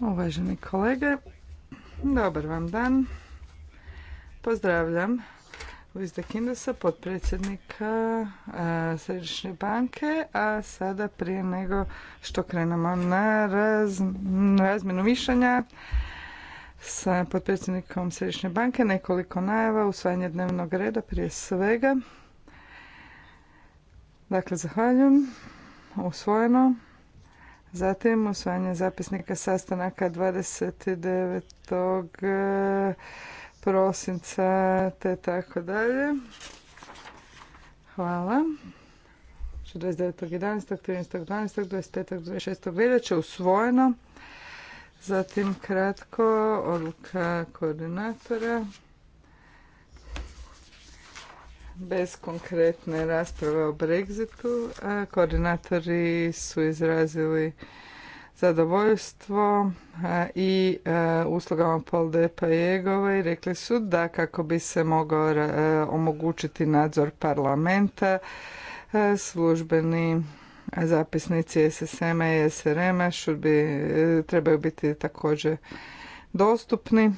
Uvaženi kolege, dobar vam dan. Pozdravljam Luis de Kindesa, potpredsjednika e, Središnje banke, a sada prije nego što krenemo na razmjenu mišljenja, sa potpredsjednikom Središnje banke nekoliko najava, usvajanje dnevnog reda prije svega. Dakle, zahvaljujem usvojeno. Zatim usvajanje zapisnika sastanaka 29. E, prosinca te tako dalje. Hvala. 29. 11. 13. 12. 25. 26. veljače usvojeno. Zatim kratko odluka koordinatora bez konkretne rasprave o Brexitu. Koordinatori su izrazili zadovoljstvo i uslugama Paul i rekli su da kako bi se mogao omogućiti nadzor parlamenta, službeni zapisnici SSM-a i SRM-a e, trebaju biti također dostupni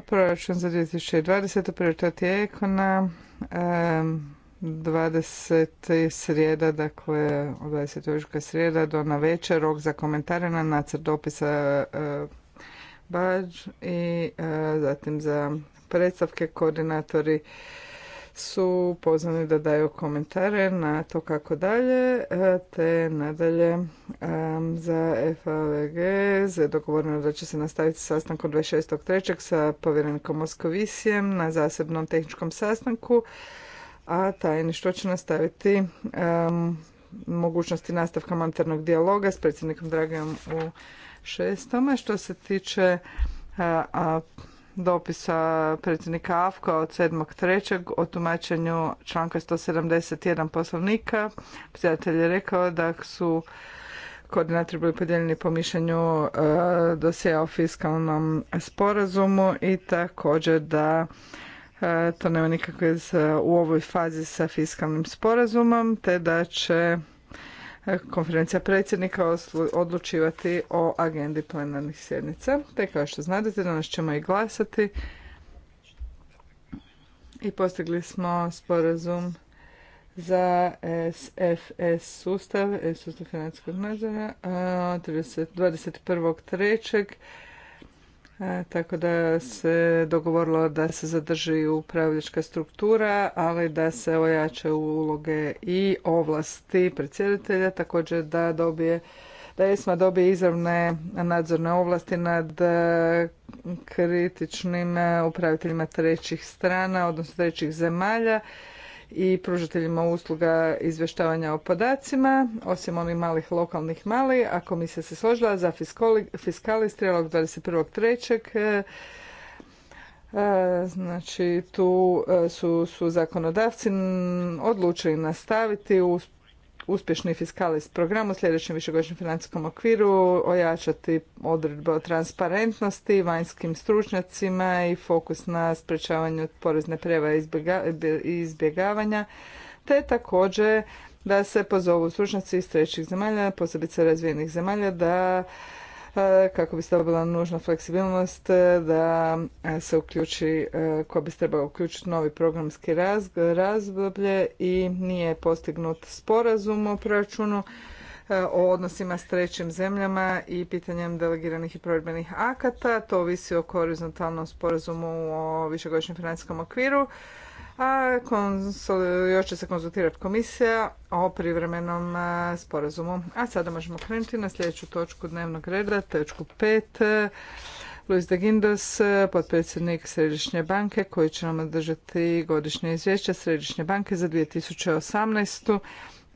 Proračun za 2020. prioritet je ekona. 20. srijeda, dakle od 20. ožujka srijeda do na večer, rok za komentare na nacrt dopisa eh, Bađ i eh, zatim za predstavke koordinatori su pozvani da daju komentare na to kako dalje, e, te nadalje e, za FAVG je dogovoreno da će se nastaviti sastankom 26.3. sa povjerenikom Moskovisijem na zasebnom tehničkom sastanku, a tajništvo će nastaviti e, mogućnosti nastavka monetarnog dijaloga s predsjednikom Dragom u šestome. Što se tiče a dopisa predsjednika AFKA od 7.3. o tumačenju članka 171 poslovnika. Predsjedatelj je rekao da su koordinatori bili podijeljeni po mišljenju e, o fiskalnom sporazumu i također da e, to nema nikakve u ovoj fazi sa fiskalnim sporazumom, te da će konferencija predsjednika odlučivati o agendi plenarnih sjednica. Te kao što znate, danas ćemo i glasati. I postigli smo sporazum za SFS sustav, sustav financijskog nadzora, 21.3 tako da se dogovorilo da se zadrži upravljačka struktura, ali da se ojače uloge i ovlasti predsjedatelja, također da dobije da ESMA dobije izravne nadzorne ovlasti nad e, kritičnim e, upraviteljima trećih strana, odnosno trećih zemalja i pružateljima usluga izvještavanja o podacima, osim onih malih lokalnih mali, a komisija se složila za fiskali strelog 21.3. Znači tu e, su, zakonodavci odlučili nastaviti u uspješni fiskalist program u sljedećem višegodišnjem financijskom okviru, ojačati odredbe o transparentnosti, vanjskim stručnjacima i fokus na sprečavanju porezne prijevare i izbjegavanja, te također da se pozovu stručnjaci iz trećih zemalja, posebice razvijenih zemalja, da pa kako bi se dobila nužna fleksibilnost e, da e, se uključi, e, koja bi se trebao uključiti novi programski razdoblje i nije postignut sporazum o proračunu o odnosima s trećim zemljama i pitanjem delegiranih i provedbenih akata. To ovisi o horizontalnom sporazumu o višegodišnjem financijskom okviru a još će se konzultirati komisija o privremenom e, sporazumu. A sada možemo krenuti na sljedeću točku dnevnog reda, točku 5. Luis de Guindos, potpredsjednik Središnje banke, koji će nam održati godišnje izvješće Središnje banke za 2018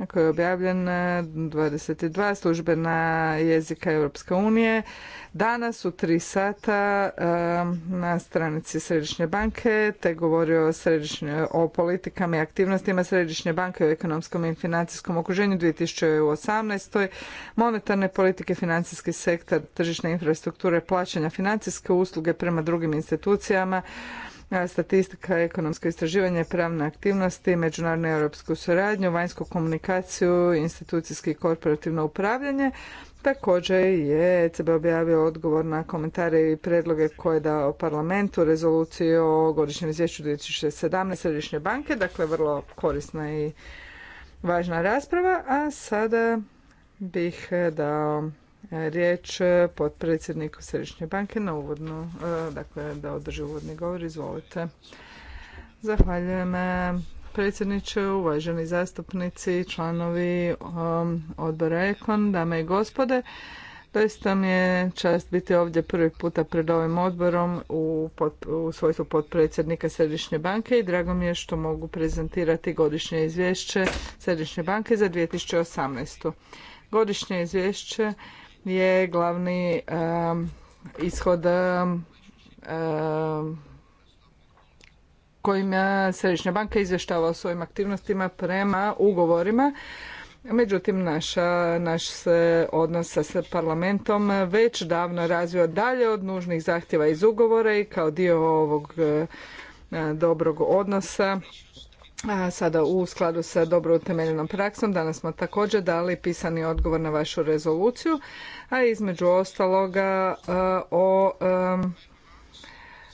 koji je objavljen 22 e, službena jezika Europske unije. Danas u tri sata e, na stranici Središnje banke te govori o, središnje, o politikama i aktivnostima Središnje banke u ekonomskom i financijskom okruženju 2018. Monetarne politike, financijski sektor, tržišne infrastrukture, plaćanja financijske usluge prema drugim institucijama, statistika, ekonomsko istraživanje, pravne aktivnosti, međunarodnu europsku suradnju, vanjsku komunikaciju, institucijski i korporativno upravljanje. Također je ECB objavio odgovor na komentare i predloge koje je dao parlamentu, rezoluciju o godišnjem izvješću 2017. Središnje banke, dakle vrlo korisna i važna rasprava, a sada bih eh, dao riječ potpredsjedniku Središnje banke na uvodnu, e, dakle da održi uvodni govor. Izvolite. Zahvaljujem e, predsjedniče, uvaženi zastupnici, članovi e, odbora Ekon, dame i gospode. Doista mi je čast biti ovdje prvi puta pred ovim odborom u, u svojstvu potpredsjednika Središnje banke i drago mi je što mogu prezentirati godišnje izvješće Središnje banke za 2018. Godišnje izvješće je glavni ishod kojim Središnja banka izvještava o svojim aktivnostima prema ugovorima. Međutim, naš se odnos sa parlamentom već davno razvio dalje od nužnih zahtjeva iz ugovora i kao dio ovog dobrog odnosa sada u skladu sa dobro utemeljenom praksom. Danas smo također dali pisani odgovor na vašu rezoluciju, a između ostaloga e, o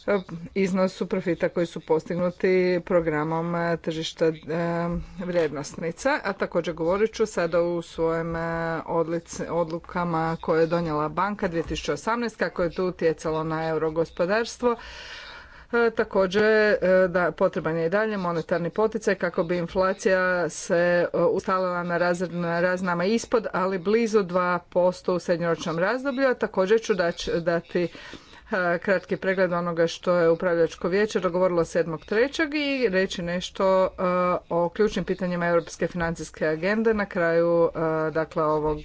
e, iznosu profita koji su postignuti programom e, tržišta vrijednosnica, a također govorit ću sada u svojim odlukama koje je donijela banka 2018, kako je to utjecalo na euro gospodarstvo, E, također, e, da, potreban je i dalje monetarni poticaj kako bi inflacija se e, ustalila na raznama ispod, ali blizu 2% u srednjoročnom razdoblju, a također ću dati kratki pregled onoga što je upravljačko vijeće dogovorilo 7.3. i reći nešto o ključnim pitanjima Europske financijske agende na kraju dakle ovog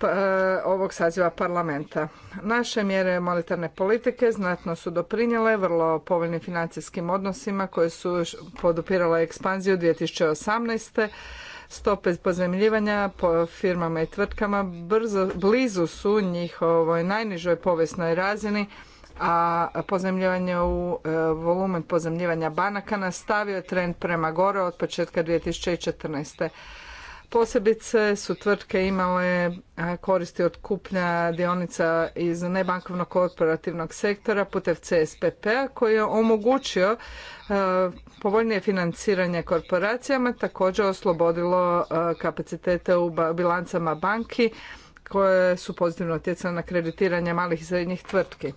E, ovog saziva parlamenta. Naše mjere monetarne politike znatno su doprinjele vrlo povoljnim financijskim odnosima koje su podupirale ekspanziju 2018 stope pozemljivanja po firmama i tvrtkama brzo, blizu su njihovoj najnižoj povijesnoj razini, a pozemljivanje u e, volumen pozemljivanja banaka nastavio je trend prema gore od početka 2014. Posebice su tvrtke imale koristi od kupnja dionica iz nebankovnog korporativnog sektora putem CSPP-a koji je omogućio povoljnije financiranje korporacijama, također oslobodilo kapacitete u bilancama banki koje su pozitivno utjecale na kreditiranje malih i srednjih tvrtki.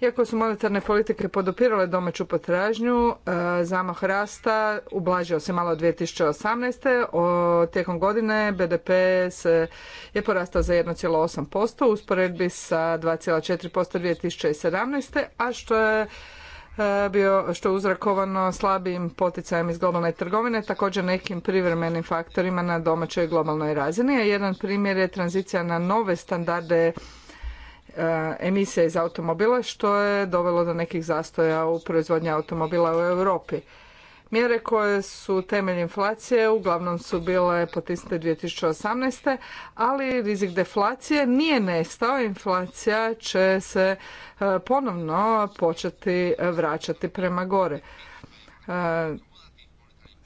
Iako su monetarne politike podopirale domaću potražnju, e, zamah rasta ublažio se malo 2018. O, tijekom godine BDP se je porastao za 1,8% u usporedbi sa 2,4% 2017. a što je e, bio što je uzrokovano slabim poticajem iz globalne trgovine, također nekim privremenim faktorima na domaćoj globalnoj razini. A jedan primjer je tranzicija na nove standarde Eh, emisija iz automobila što je dovelo do nekih zastoja u proizvodnji automobila u Europi. Mjere koje su temelj inflacije uglavnom su bile potisnute 2018. ali rizik deflacije nije nestao, inflacija će se eh, ponovno početi vraćati prema gore. Eh,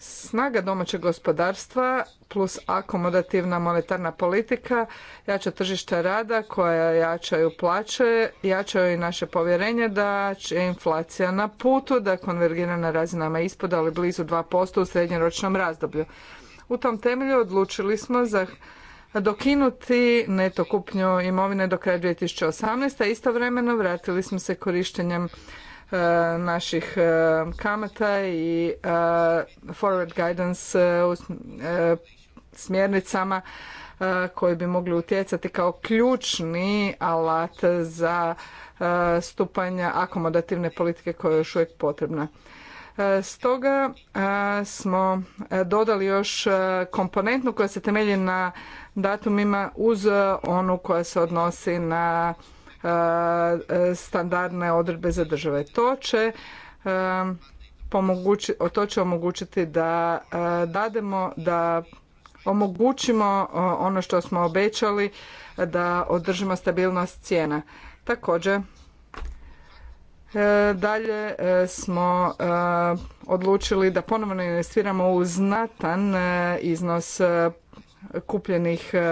snaga domaćeg gospodarstva plus akomodativna monetarna politika, jača tržišta rada koja jačaju plaće, jačaju i naše povjerenje da će inflacija na putu, da konvergira na razinama ispod, ali blizu 2% u srednjoročnom razdoblju. U tom temelju odlučili smo za dokinuti neto kupnju imovine do kraja 2018. a istovremeno vratili smo se korištenjem E, naših e, kamata i e, forward guidance smjernicama koji bi mogli utjecati kao ključni alat za stupanja akomodativne politike koja je još uvijek potrebna. Stoga smo dodali još komponentnu koja se temelji na datumima uz onu koja se odnosi na E, standardne odredbe za države. To će e, Pomogući, to će omogućiti da e, dademo, da omogućimo ono što smo obećali, da održimo stabilnost cijena. Također, dalje smo odlučili da ponovno investiramo u znatan iznos kupljenih, e,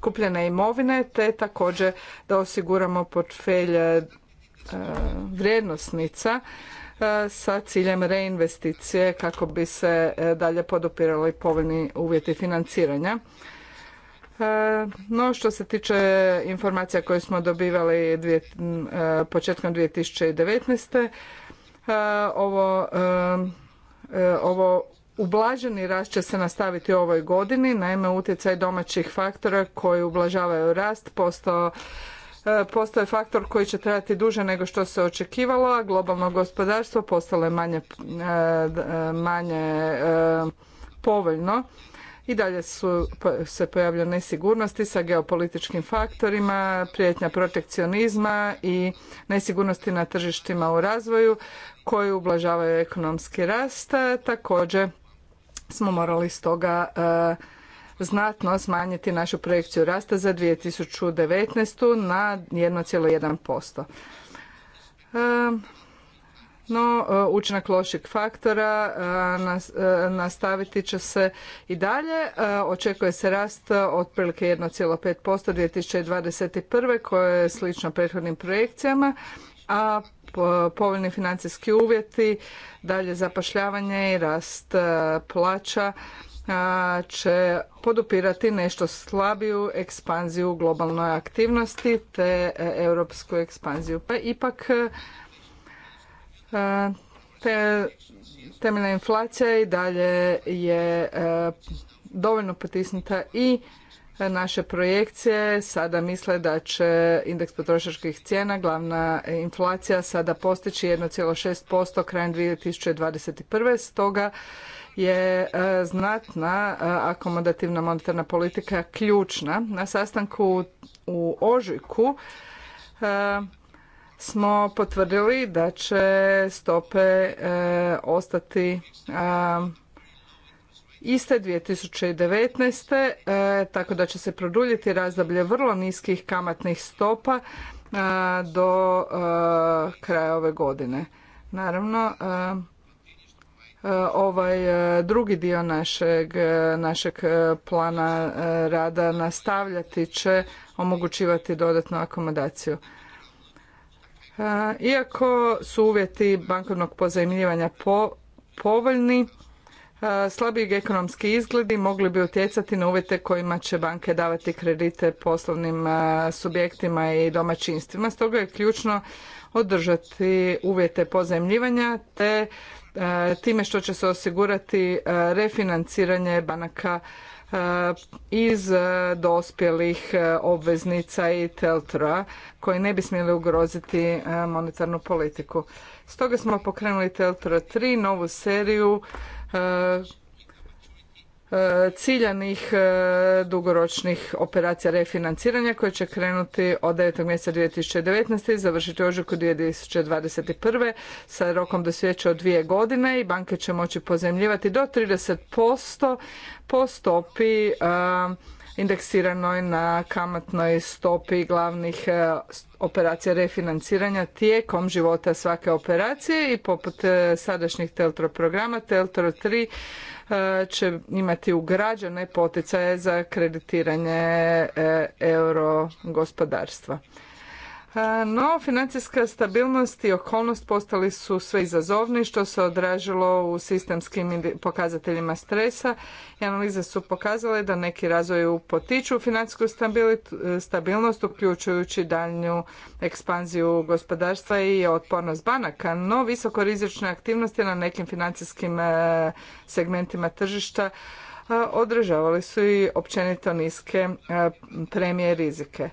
kupljene imovine te također da osiguramo portfelj e, vrijednosnica e, sa ciljem reinvesticije kako bi se dalje podupirali povoljni uvjeti financiranja. No što se tiče informacija koje smo dobivali dvije, početkom 2019. ovo ovo Ublaženi rast će se nastaviti u ovoj godini, naime utjecaj domaćih faktora koji ublažavaju rast e, postao je faktor koji će trajati duže nego što se očekivalo, a globalno gospodarstvo postalo je manje, e, e, povoljno. I dalje su, se pojavlja nesigurnosti sa geopolitičkim faktorima, prijetnja protekcionizma i nesigurnosti na tržištima u razvoju koji ublažavaju ekonomski rast. Također smo morali stoga eh, znatno smanjiti našu projekciju rasta za 2019. na 1,1%. Eh, no, eh, učinak lošeg faktora nastaviti će se i dalje. Očekuje se rast otprilike 1,5% 2021. koje je slično prethodnim projekcijama a povoljni financijski uvjeti, dalje zapošljavanje i rast e, plaća e, će podupirati nešto slabiju ekspanziju globalnoj aktivnosti te e, europsku ekspanziju. Pa ipak te, temeljna inflacija i dalje je dovoljno potisnuta i naše projekcije sada misle da će indeks potrošačkih cijena, glavna inflacija sada postići 1,6% krajem 2021. Stoga je e, znatna e, akomodativna monetarna politika ključna. Na sastanku u Ožujku e, smo potvrdili da će stope ostati iste 2019. E, tako da će se produljiti razdoblje vrlo niskih kamatnih stopa e, do e, kraja ove godine. Naravno, ovaj drugi dio našeg, našeg plana rada nastavljati će omogućivati dodatnu akomodaciju. Iako su uvjeti bankovnog pozajmljivanja povoljni, slabiji ekonomski izgledi mogli bi utjecati na uvjete kojima će banke davati kredite poslovnim subjektima i domaćinstvima. Stoga je ključno održati uvjete pozajmljivanja te time što će se osigurati refinanciranje banaka iz dospjelih obveznica i teltra koji ne bi smjeli ugroziti monetarnu politiku. Stoga smo pokrenuli Teltra 3, novu seriju E, e, ciljanih e, dugoročnih operacija refinanciranja koje će krenuti od 9. mjeseca 2019. i završiti u ožujku 2021. sa rokom dosjeća od dvije godine i banke će moći pozemljivati do 30% po stopi indeksiranoj na kamatnoj stopi glavnih e, operacija refinanciranja tijekom života svake operacije i poput e, sadašnjih Teltro programa Teltro 3 e, će imati ugrađene poticaje za kreditiranje euro gospodarstva. E, no, financijska stabilnost i okolnost postali su sve izazovni što se odražilo u sistemskim pokazateljima stresa i analize su pokazale da neki razvoj potiču financijsku stabilnost uključujući daljnju ekspanziju gospodarstva i otpornost banaka, no visokorizične aktivnosti na nekim financijskim e, segmentima tržišta e, odražavali su i općenito niske premije rizike.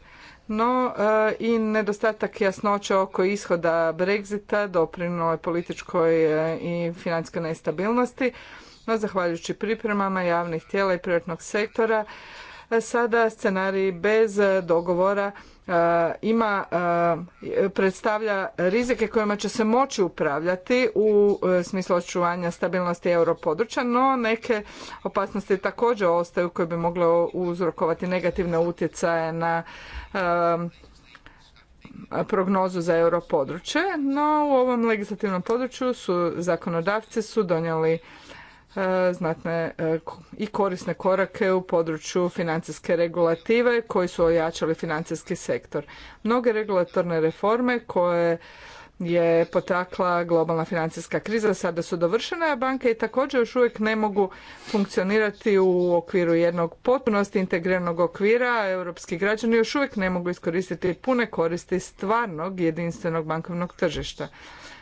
No e, i nedostatak jasnoće oko ishoda Brexita doprinio je političkoj e, i financijskoj nestabilnosti, no zahvaljujući pripremama javnih tijela i privatnog sektora e, sada scenariji bez dogovora Eh, ima eh, predstavlja rizike kojima će se moći upravljati u eh, smislu očuvanja stabilnosti europodručja, no neke opasnosti također ostaju koje bi mogle uzrokovati negativne utjecaje na prognozu za europodručje, no u ovom legislativnom području su zakonodavci su donijeli E, znatne e, i korisne korake u području financijske regulative koji su ojačali financijski sektor. Mnoge regulatorne reforme koje je potakla globalna financijska kriza sada su dovršene, a banke i također još uvijek ne mogu funkcionirati u okviru jednog potpunosti integriranog okvira, europski građani još uvijek ne mogu iskoristiti pune koristi stvarnog jedinstvenog bankovnog tržišta.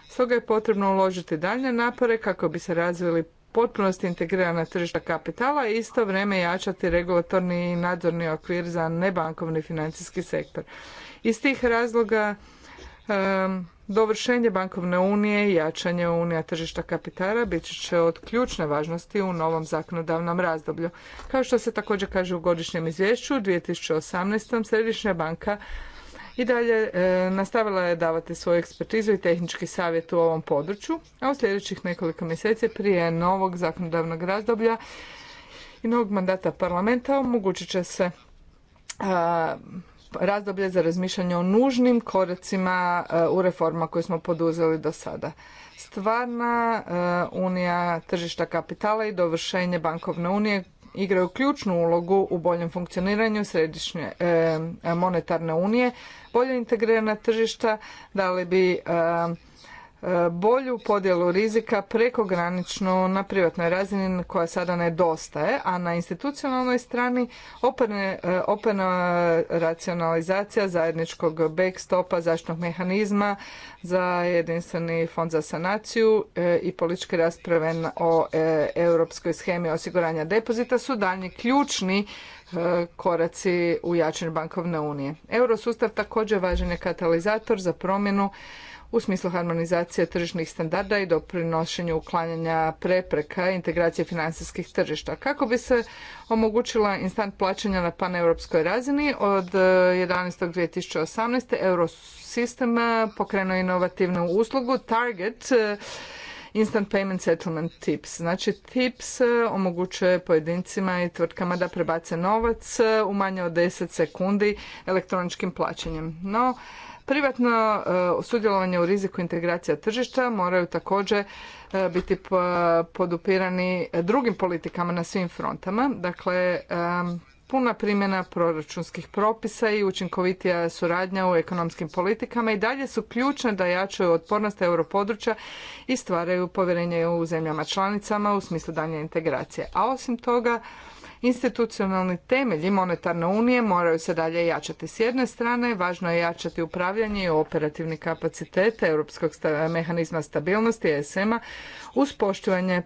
Stoga je potrebno uložiti daljnje napore kako bi se razvili potpunosti integrirana tržišta kapitala i isto vrijeme jačati regulatorni i nadzorni okvir za nebankovni financijski sektor. Iz tih razloga dovršenje bankovne unije i jačanje unija tržišta kapitala bit će od ključne važnosti u novom zakonodavnom razdoblju. Kao što se također kaže u godišnjem izvješću, u 2018. Središnja banka i dalje e, nastavila je davati svoju ekspertizu i tehnički savjet u ovom području, a u sljedećih nekoliko mjeseci prije novog zakonodavnog razdoblja i novog mandata parlamenta omogućit će se razdoblje za razmišljanje o nužnim koracima e, u reforma koje smo poduzeli do sada. Stvarna e, unija tržišta kapitala i dovršenje bankovne unije igraju ključnu ulogu u boljem funkcioniranju središnje monetarne unije, bolje integrirana tržišta, da li bi E, bolju podjelu rizika prekogranično na privatnoj razini koja sada nedostaje, a na institucionalnoj strani opena e, racionalizacija zajedničkog backstopa, zaštitnog mehanizma za jedinstveni fond za sanaciju e, i političke rasprave o europskoj schemi osiguranja depozita su daljnji ključni koraci u jačanju bankovne unije. Eurosustav također važan je katalizator za promjenu u smislu harmonizacije tržišnih standarda i doprinošenju uklanjanja prepreka integracije financijskih tržišta. Kako bi se omogućila instant plaćanja na paneuropskoj razini, od 11.2018. E, Eurosystem e, pokrenuo inovativnu uslugu Target e, Instant Payment Settlement Tips. Znači, Tips omogućuje pojedincima i tvrtkama da prebace novac u manje od 10 sekundi elektroničkim plaćanjem. No, Privatno e, sudjelovanje u riziku integracija tržišta moraju također e, biti podupirani drugim politikama na svim frontama. Dakle, e, puna primjena proračunskih propisa i učinkovitija suradnja u ekonomskim politikama i dalje su ključne da jačaju otpornost europodručja i stvaraju povjerenje u zemljama članicama u smislu daljnje integracije. A osim toga, Institucionalni temelji monetarne unije moraju se dalje jačati. S jedne strane, važno je jačati upravljanje i operativni kapacitet Europskog mehanizma stabilnosti ESM-a uz poštivanje e,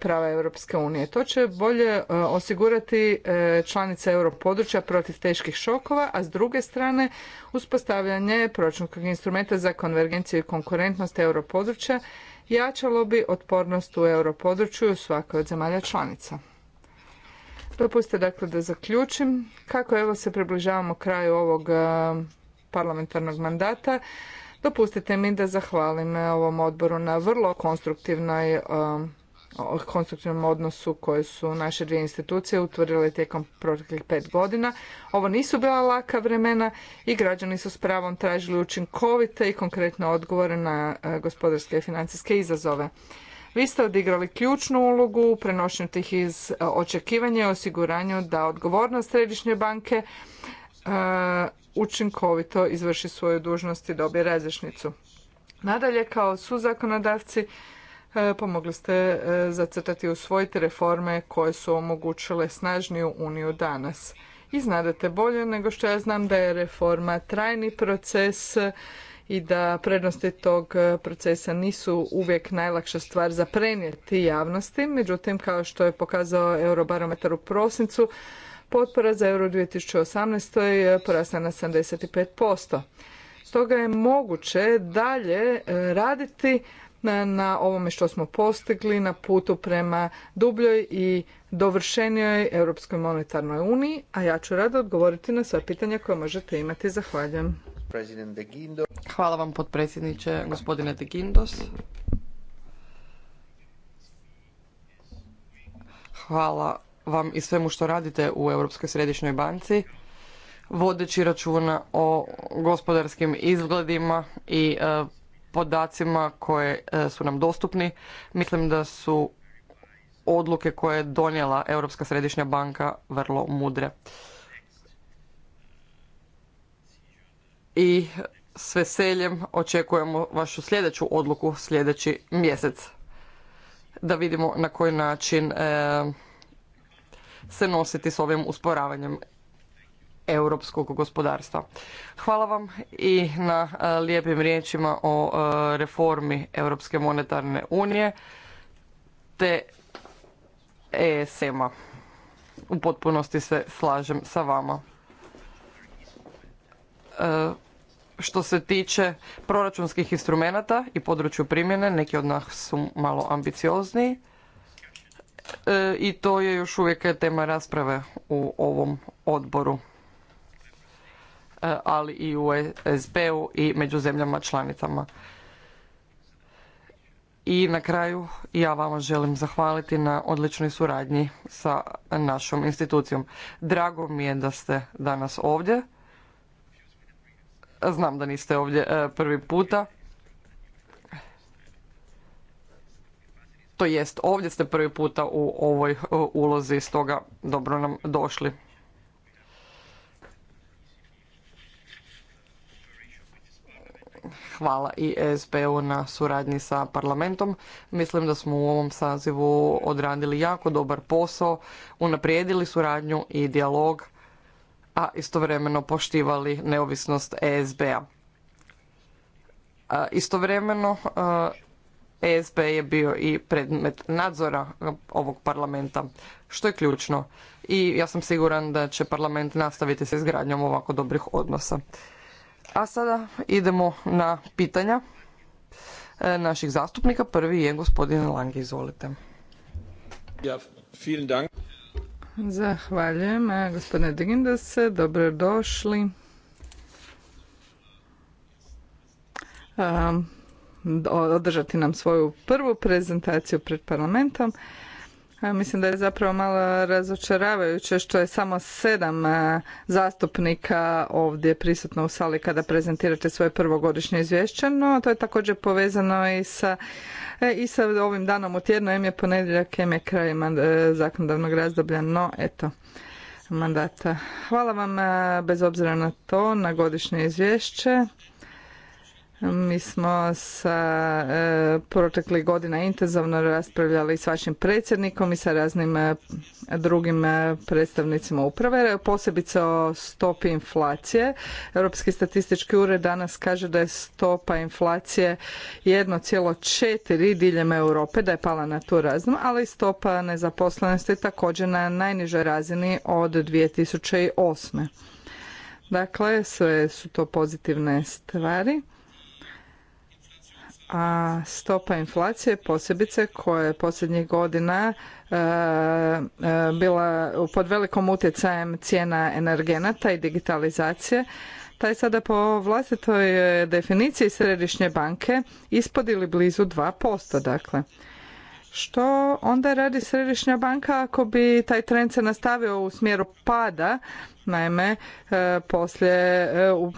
prava Europske unije. To će bolje e, osigurati e, članice europodručja protiv teških šokova, a s druge strane uspostavljanje proračunskog instrumenta za konvergenciju i konkurentnost europodručja jačalo bi otpornost u europodručju svakoj od zemalja članica. Dopustite dakle da zaključim. Kako evo se približavamo kraju ovog eh, parlamentarnog mandata, dopustite mi da zahvalim eh, ovom odboru na vrlo konstruktivnoj eh, konstruktivnom odnosu koje su naše dvije institucije utvrdile tijekom proteklih pet godina. Ovo nisu bila laka vremena i građani su s pravom tražili učinkovite i konkretne odgovore na gospodarske i financijske izazove. Vi ste odigrali ključnu ulogu u prenošenju tih iz e, očekivanja i osiguranju da odgovornost središnje banke e, učinkovito izvrši svoju dužnost i dobije različnicu. Nadalje, kao zakonodavci, e, pomogli ste zacrtati i usvojiti reforme koje su omogućile snažniju uniju danas. I znadete bolje nego što ja znam da je reforma trajni proces i da prednosti tog e, procesa nisu uvijek najlakša stvar za prenijeti javnosti. Međutim, kao što je pokazao Eurobarometar u prosincu, potpora za euro 2018. je e, porasla na 75%. Stoga je moguće dalje e, raditi na, na ovome što smo postigli na putu prema dubljoj i dovršenijoj Europskoj monetarnoj uniji, a ja ću rado odgovoriti na sva pitanja koja možete imati. Zahvaljujem. Hvala vam potpredsjedniče, gospodine De Guindos. Hvala vam i svemu što radite u Europskoj središnjoj banci, vodeći računa o gospodarskim izgledima i e, podacima koje e, su nam dostupni. Mislim da su odluke koje je donijela Europska središnja banka vrlo mudre. i s veseljem očekujemo vašu sljedeću odluku sljedeći mjesec. Da vidimo na koji način e, se nositi s ovim usporavanjem europskog gospodarstva. Hvala vam i na e, lijepim riječima o e, reformi Europske monetarne unije te ESM-a. U potpunosti se slažem sa vama što se tiče proračunskih instrumenata i području primjene, neki od nas su malo ambiciozniji e, i to je još uvijek tema rasprave u ovom odboru, e, ali i u SB-u i među zemljama članicama. I na kraju ja vama želim zahvaliti na odličnoj suradnji sa našom institucijom. Drago mi je da ste danas ovdje Znam da niste ovdje e, prvi puta. To jest, ovdje ste prvi puta u ovoj e, ulozi, stoga dobro nam došli. hvala i ESP-u na suradnji sa parlamentom. Mislim da smo u ovom sazivu odradili jako dobar posao, unaprijedili suradnju i dijalog a istovremeno poštivali neovisnost ESB-a. Istovremeno ESB je bio i predmet nadzora ovog parlamenta, što je ključno. I ja sam siguran da će parlament nastaviti sa izgradnjom ovako dobrih odnosa. A sada idemo na pitanja e, naših zastupnika. Prvi je gospodin Lange, izvolite. Ja, vielen Dank. Zahvaljujem, e, gospodine dobro dobrodošli. E, održati nam svoju prvu prezentaciju pred parlamentom. Mislim da je zapravo malo razočaravajuće što je samo sedam e, zastupnika ovdje prisutno u sali kada prezentirate svoje prvogodišnje izvješće, no to je također povezano i sa, e, i sa ovim danom u tjednu, em je ponedjeljak, em je kraj e, zakonodavnog razdoblja, no eto mandata. Hvala vam bez obzira na to, na godišnje izvješće. Mi smo sa e, proteklih godina intenzivno raspravljali s vašim predsjednikom i sa raznim e, drugim e, predstavnicima uprave, posebice o stopi inflacije. Europski statistički ured danas kaže da je stopa inflacije 1,4 diljem Europe, da je pala na tu razinu, ali stopa nezaposlenosti također na najnižoj razini od 2008. Dakle, sve su to pozitivne stvari a stopa inflacije posebice koja je posljednjih godina e, e, bila pod velikom utjecajem cijena energenata i digitalizacije, je sada po vlastitoj e, definiciji središnje banke ispod ili blizu 2%. Dakle, što onda radi središnja banka ako bi taj trend se nastavio u smjeru pada naime poslije u,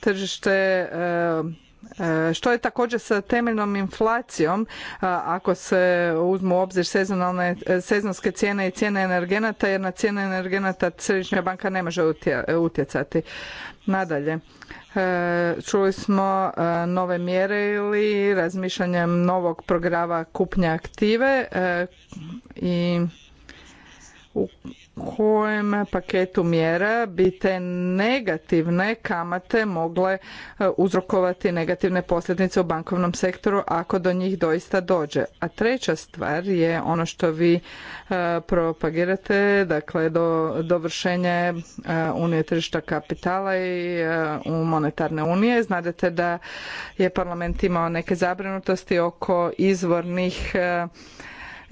tržište E, što je također sa temeljnom inflacijom e, ako se uzmu u obzir e, sezonske cijene i cijene energenata jer na cijene energenata Središnja banka ne može utjecati. Nadalje, čuli smo nove mjere ili razmišljanjem novog programa kupnje aktive i kojem paketu mjera bi te negativne kamate mogle e, uzrokovati negativne posljedice u bankovnom sektoru ako do njih doista dođe. A treća stvar je ono što vi e, propagirate, dakle do dovršenje e, unije tržišta kapitala i u monetarne unije. Znadete da je parlament imao neke zabrinutosti oko izvornih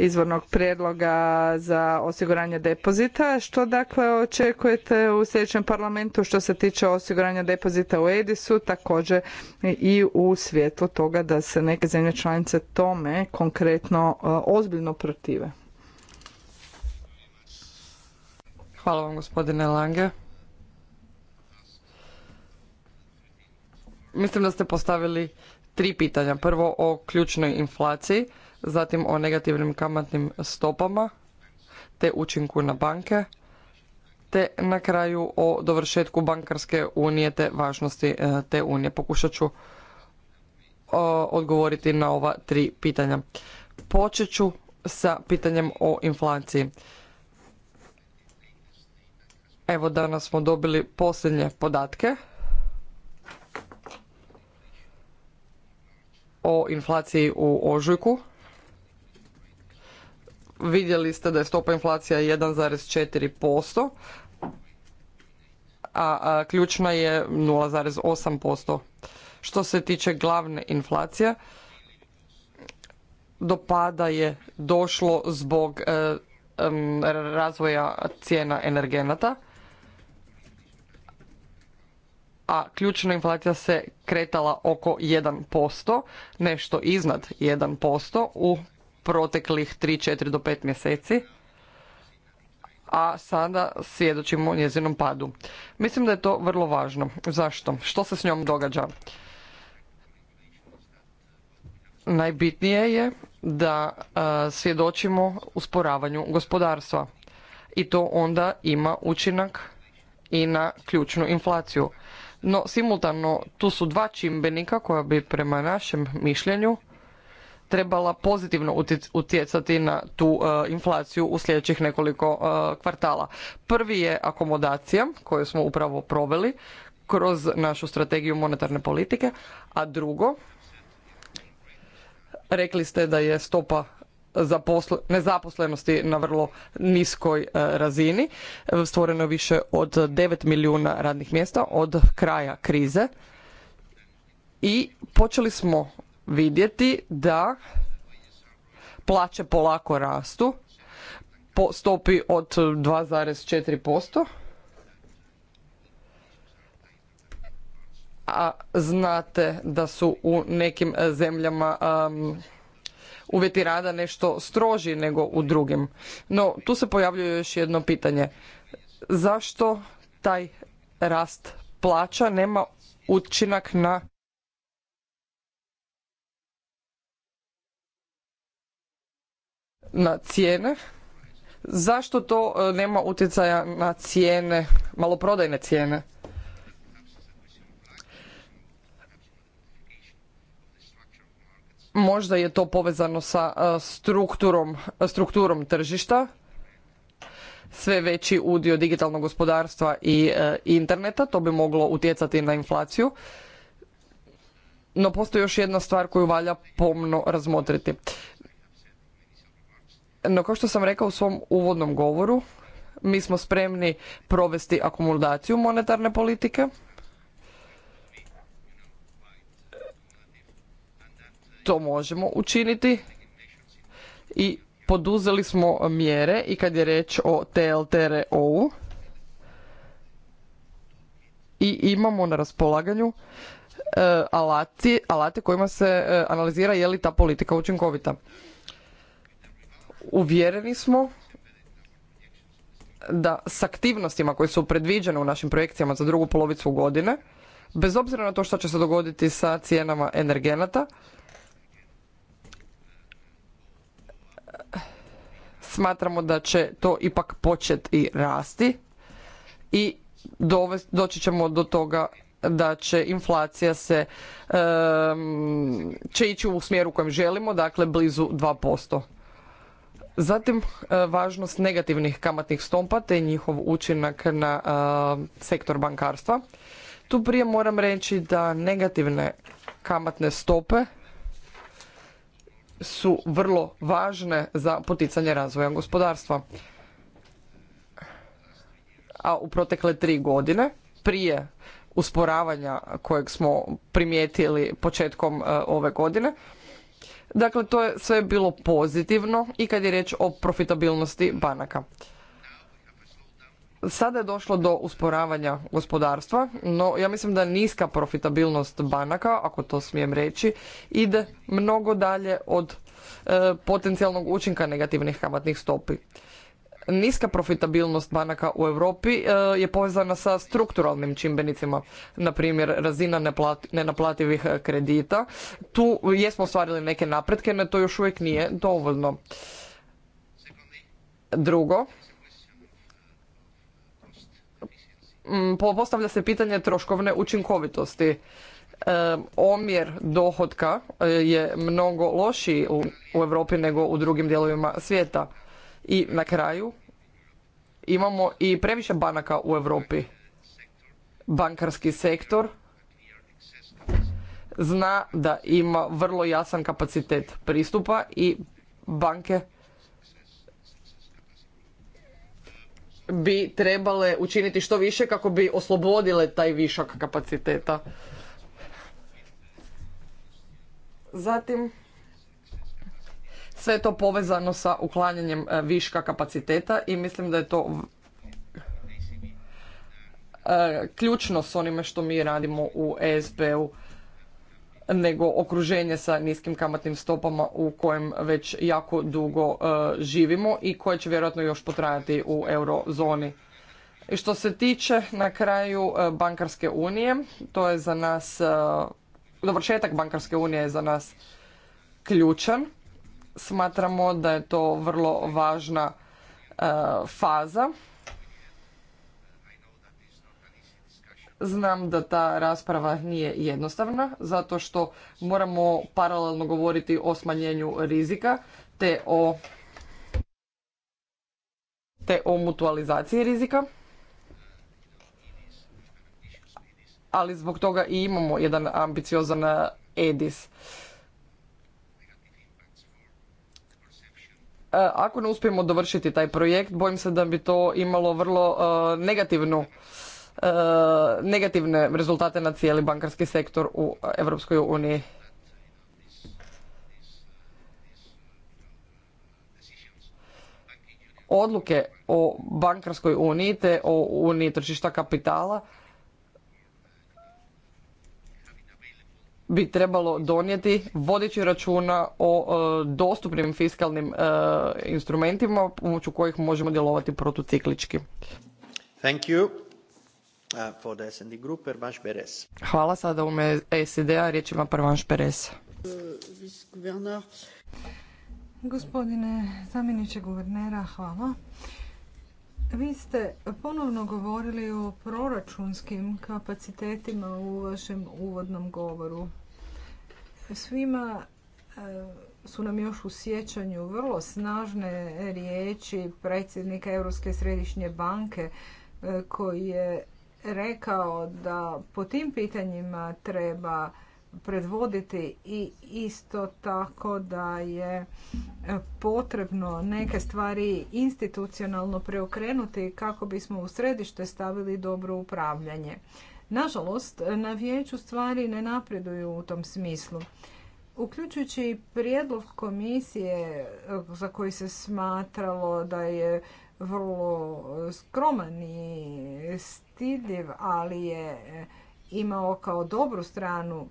izvornog prijedloga za osiguranje depozita. Što dakle očekujete u sljedećem parlamentu što se tiče osiguranja depozita u Edisu, također i u svijetu toga da se neke zemlje članice tome konkretno e, ozbiljno protive? Hvala vam gospodine Lange. Mislim da ste postavili tri pitanja. Prvo o ključnoj inflaciji, zatim o negativnim kamatnim stopama te učinku na banke, te na kraju o dovršetku bankarske unije te važnosti e, te unije. Pokušat ću e, odgovoriti na ova tri pitanja. Počet ću sa pitanjem o inflaciji. Evo danas smo dobili posljednje podatke o inflaciji u ožujku. Vidjeli ste da je stopa inflacija 1,4%, a ključna je 0,8%. Što se tiče glavne inflacije, do pada je došlo zbog e, razvoja cijena energenata, a ključna inflacija se kretala oko 1%, nešto iznad 1% u proteklih 3, 4 do 5 mjeseci, a sada svjedočimo njezinom padu. Mislim da je to vrlo važno. Zašto? Što se s njom događa? Najbitnije je da svjedočimo usporavanju gospodarstva i to onda ima učinak i na ključnu inflaciju. No, simultano tu su dva čimbenika koja bi prema našem mišljenju trebala pozitivno utjecati na tu e, inflaciju u sljedećih nekoliko e, kvartala. Prvi je akomodacija koju smo upravo proveli kroz našu strategiju monetarne politike, a drugo, rekli ste da je stopa nezaposlenosti na vrlo niskoj e, razini. Stvoreno je više od 9 milijuna radnih mjesta od kraja krize i počeli smo vidjeti da plaće polako rastu po stopi od 2,4%. A znate da su u nekim zemljama um, uvjeti rada nešto stroži nego u drugim. No, tu se pojavljuje još jedno pitanje. Zašto taj rast plaća nema učinak na na cijene. Zašto to e, nema utjecaja na cijene, maloprodajne cijene? Možda je to povezano sa e, strukturom, strukturom tržišta, sve veći udio digitalnog gospodarstva i e, interneta, to bi moglo utjecati na inflaciju. No postoji još jedna stvar koju valja pomno razmotriti. No, kao što sam rekao u svom uvodnom govoru, mi smo spremni provesti akumulaciju monetarne politike. To možemo učiniti i poduzeli smo mjere i kad je riječ o TLTRO-u i imamo na raspolaganju e, alati, alate kojima se e, analizira je li ta politika učinkovita uvjereni smo da s aktivnostima koje su predviđene u našim projekcijama za drugu polovicu godine, bez obzira na to što će se dogoditi sa cijenama energenata, smatramo da će to ipak početi rasti i doći ćemo do toga da će inflacija se um, će ići u smjeru kojem želimo, dakle blizu 2%. Zatim eh, važnost negativnih kamatnih stopa te njihov učinak na eh, sektor bankarstva. Tu prije moram reći da negativne kamatne stope su vrlo važne za poticanje razvoja gospodarstva. A u protekle tri godine prije usporavanja kojeg smo primijetili početkom eh, ove godine Dakle, to je sve bilo pozitivno i kad je riječ o profitabilnosti banaka. Sada je došlo do usporavanja gospodarstva, no ja mislim da niska profitabilnost banaka, ako to smijem reći, ide mnogo dalje od e, potencijalnog učinka negativnih kamatnih stopi niska profitabilnost banaka u Europi e, je povezana sa strukturalnim čimbenicima, na primjer razina nenaplativih e, kredita. Tu jesmo ostvarili neke napretke, no to još uvijek nije dovoljno. Drugo, postavlja se pitanje troškovne učinkovitosti. E, omjer dohotka je mnogo lošiji u Europi nego u drugim dijelovima svijeta. I na kraju imamo i previše banaka u Europi. Bankarski sektor zna da ima vrlo jasan kapacitet pristupa i banke bi trebale učiniti što više kako bi oslobodile taj višak kapaciteta. Zatim sve je to povezano sa uklanjanjem e, viška kapaciteta i mislim da je to e, ključno s onime što mi radimo u ESP-u nego okruženje sa niskim kamatnim stopama u kojem već jako dugo e, živimo i koje će vjerojatno još potrajati u eurozoni. I što se tiče na kraju bankarske unije, to je za nas, dovršetak bankarske unije je za nas ključan. Smatramo da je to vrlo važna e, faza. Znam da ta rasprava nije jednostavna, zato što moramo paralelno govoriti o smanjenju rizika, te o, te o mutualizaciji rizika. Ali zbog toga i imamo jedan ambiciozan EDIS. E, ako ne uspijemo dovršiti taj projekt, bojim se da bi to imalo vrlo e, negativnu e, negativne rezultate na cijeli bankarski sektor u Europskoj uniji. Odluke o bankarskoj uniji te o uniji tržišta kapitala bi trebalo donijeti vodeći računa o e, dostupnim fiskalnim e, instrumentima pomoću kojih možemo djelovati protuciklički. Thank you. Uh, hvala sada u e a riječ ima Gospodine zamjeniče guvernera, hvala. Vi ste ponovno govorili o proračunskim kapacitetima u vašem uvodnom govoru. Svima e, su nam još u sjećanju vrlo snažne riječi predsjednika Europske središnje banke e, koji je rekao da po tim pitanjima treba predvoditi i isto tako da je potrebno neke stvari institucionalno preokrenuti kako bismo u središte stavili dobro upravljanje. Nažalost, na vijeću stvari ne napreduju u tom smislu. Uključujući i prijedlog komisije eh, za koji se smatralo da je vrlo skroman i stidljiv, ali je eh, imao kao dobru stranu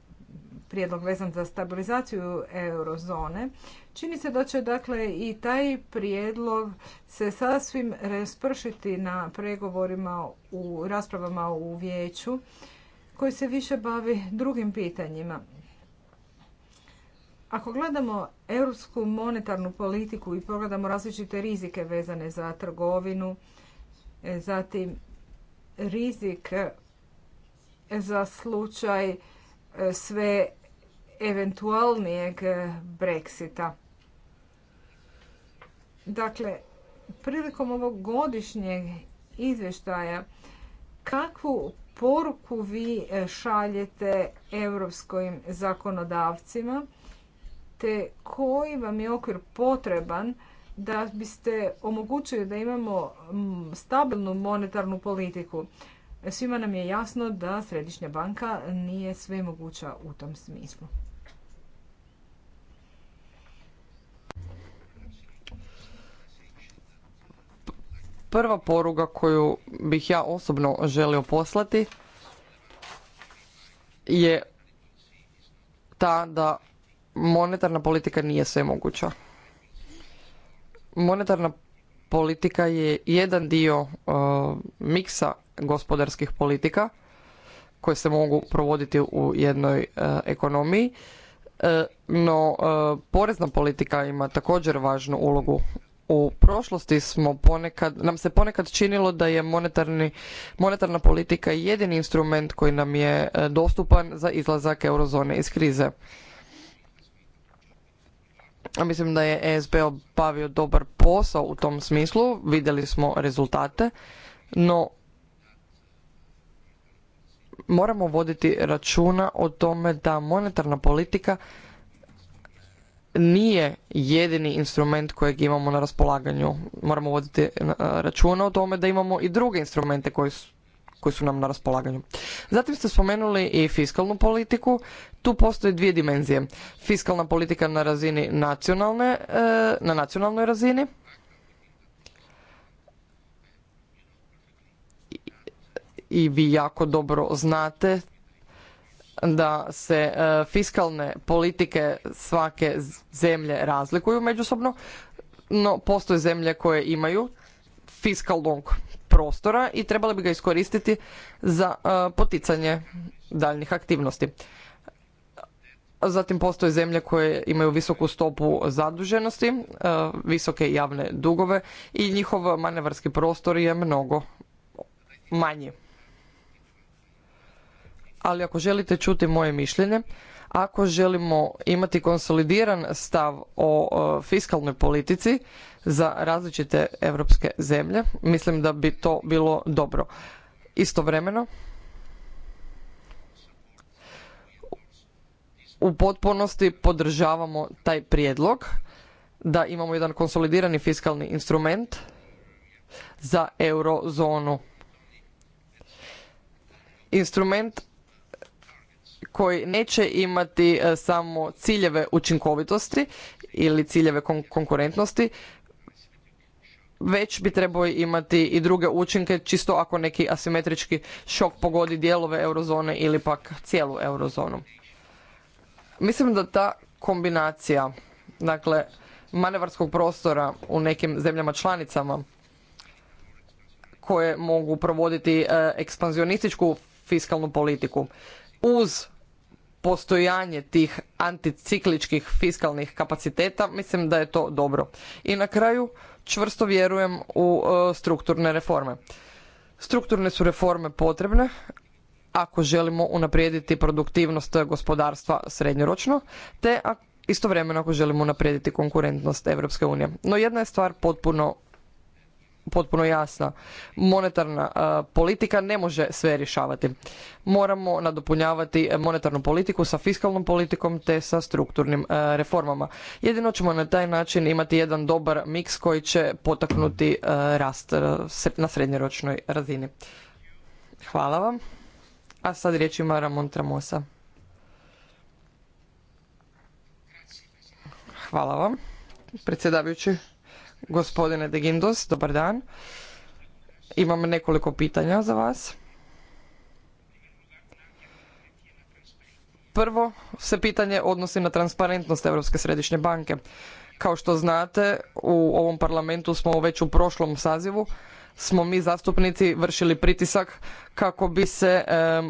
prijedlog vezan za stabilizaciju eurozone, Čini se da će dakle i taj prijedlog se sasvim raspršiti na pregovorima u raspravama u vijeću koji se više bavi drugim pitanjima. Ako gledamo europsku monetarnu politiku i pogledamo različite rizike vezane za trgovinu, zatim rizik za slučaj e, sve eventualnijeg eh, Brexita. Dakle, prilikom ovog godišnjeg izvještaja, kakvu poruku vi eh, šaljete europskim zakonodavcima, te koji vam je okvir potreban da biste omogućili da imamo mm, stabilnu monetarnu politiku. Svima nam je jasno da Središnja banka nije sve moguća u tom smislu. prva poruga koju bih ja osobno želio poslati je ta da monetarna politika nije sve moguća. Monetarna politika je jedan dio e, miksa gospodarskih politika koje se mogu provoditi u jednoj e, ekonomiji, e, no porezna politika ima također važnu ulogu u prošlosti smo ponekad, nam se ponekad činilo da je monetarna politika jedini instrument koji nam je e, dostupan za izlazak eurozone iz krize. Mislim da je ESB obavio dobar posao u tom smislu, vidjeli smo rezultate, no moramo voditi računa o tome da monetarna politika nije jedini instrument kojeg imamo na raspolaganju. Moramo voditi eh, računa o tome da imamo i druge instrumente koji su, koji su nam na raspolaganju. Zatim ste spomenuli i fiskalnu politiku. Tu postoje dvije dimenzije. Fiskalna politika na razini nacionalne, eh, na nacionalnoj razini. I vi jako dobro znate da se e, fiskalne politike svake zemlje razlikuju međusobno, no postoje zemlje koje imaju fiskalnog prostora i trebali bi ga iskoristiti za e, poticanje daljnjih aktivnosti. Zatim postoje zemlje koje imaju visoku stopu zaduženosti, e, visoke javne dugove i njihov manevarski prostor je mnogo manji ali ako želite čuti moje mišljenje, ako želimo imati konsolidiran stav o fiskalnoj politici za različite europske zemlje, mislim da bi to bilo dobro. Istovremeno, u potpunosti podržavamo taj prijedlog da imamo jedan konsolidirani fiskalni instrument za eurozonu. Instrument koji neće imati e, samo ciljeve učinkovitosti ili ciljeve konkurentnosti, već bi trebao imati i druge učinke, čisto ako neki asimetrički šok pogodi dijelove eurozone ili pak cijelu eurozonu. Mislim da ta kombinacija, dakle, manevarskog prostora u nekim zemljama članicama koje mogu provoditi e, ekspanzionističku fiskalnu politiku uz postojanje tih anticikličkih fiskalnih kapaciteta, mislim da je to dobro. I na kraju čvrsto vjerujem u e, strukturne reforme. Strukturne su reforme potrebne ako želimo unaprijediti produktivnost gospodarstva srednjoročno, te istovremeno ako želimo unaprijediti konkurentnost Europske unije. No jedna je stvar potpuno potpuno jasna. Monetarna politika ne može sve rješavati. Moramo nadopunjavati monetarnu politiku sa fiskalnom politikom te sa strukturnim reformama. Jedino ćemo na taj način imati jedan dobar miks koji će potaknuti rast na srednjoročnoj razini. Hvala vam. A sad riječ ima Ramon Tramosa. Hvala vam, predsjedavajući. Gospodine De Gindos, dobar dan. Imam nekoliko pitanja za vas. Prvo se pitanje odnosi na transparentnost Europske središnje banke. Kao što znate, u ovom parlamentu smo već u prošlom sazivu smo mi zastupnici vršili pritisak kako bi se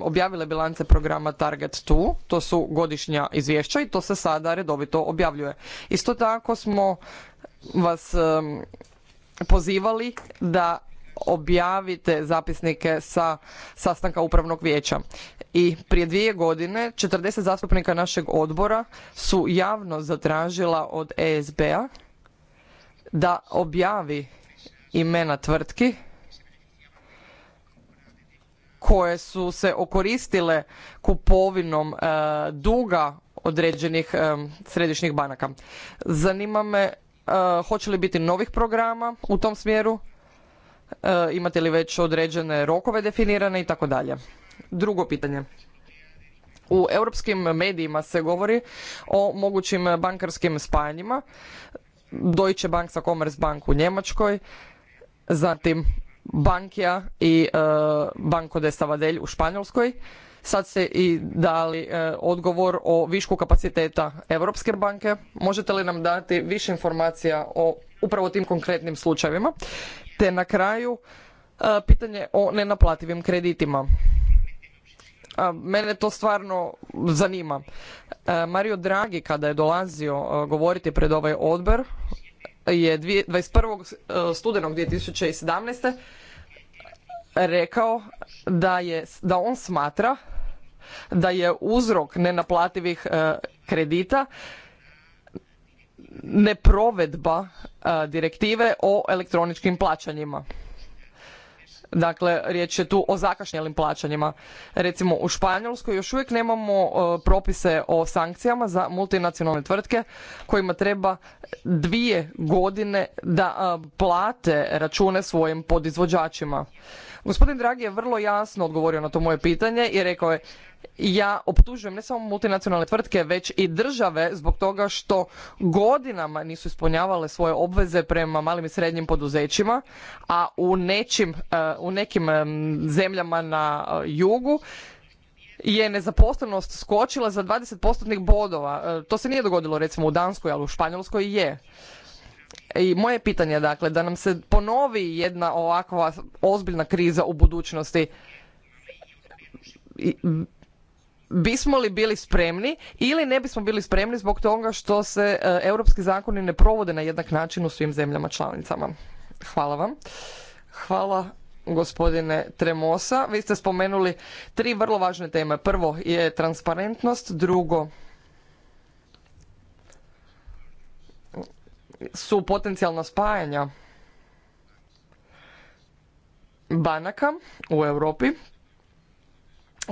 objavile bilance programa Target 2, to su godišnja izvješća i to se sada redovito objavljuje. Isto tako smo vas pozivali da objavite zapisnike sa sastanka upravnog vijeća. I prije dvije godine 40 zastupnika našeg odbora su javno zatražila od ESB-a da objavi imena tvrtki koje su se okoristile kupovinom eh, duga određenih središnjih banaka. Zanima me E, hoće li biti novih programa u tom smjeru, e, imate li već određene rokove definirane i tako dalje. Drugo pitanje. U europskim medijima se govori o mogućim bankarskim spajanjima. Deutsche Bank sa Commerzbank u Njemačkoj, zatim Bankia i e, Banco de Sabadell u Španjolskoj. Sad ste i dali e, odgovor o višku kapaciteta Europske banke. Možete li nam dati više informacija o upravo tim konkretnim slučajevima? Te na kraju e, pitanje o nenaplativim kreditima. E, mene to stvarno zanima. Mario Draghi kada je dolazio govoriti pred ovaj odbor je dvije, 21. studenog 2017 rekao da, je, da on smatra da je uzrok nenaplativih e, kredita neprovedba e, direktive o elektroničkim plaćanjima. Dakle, riječ je tu o zakašnjelim plaćanjima. Recimo u Španjolskoj još uvijek nemamo e, propise o sankcijama za multinacionalne tvrtke kojima treba dvije godine da plate račune svojim podizvođačima. Gospodin Dragi je vrlo jasno odgovorio na to moje pitanje i rekao je ja optužujem ne samo multinacionalne tvrtke već i države zbog toga što godinama nisu ispunjavale svoje obveze prema malim i srednjim poduzećima, a u, nečim, e, u nekim e, zemljama na e, jugu je nezaposlenost skočila za 20 postotnih bodova. To se nije dogodilo recimo u Danskoj, ali u Španjolskoj je. I moje pitanje dakle da nam se ponovi jedna ovakva ozbiljna kriza u budućnosti bismo li bili spremni ili ne bismo bili spremni zbog toga što se e, europski zakoni ne provode na jednak način u svim zemljama članicama. Hvala vam. Hvala gospodine Tremosa. Vi ste spomenuli tri vrlo važne teme. Prvo je transparentnost, drugo su potencijalna spajanja banaka u Europi,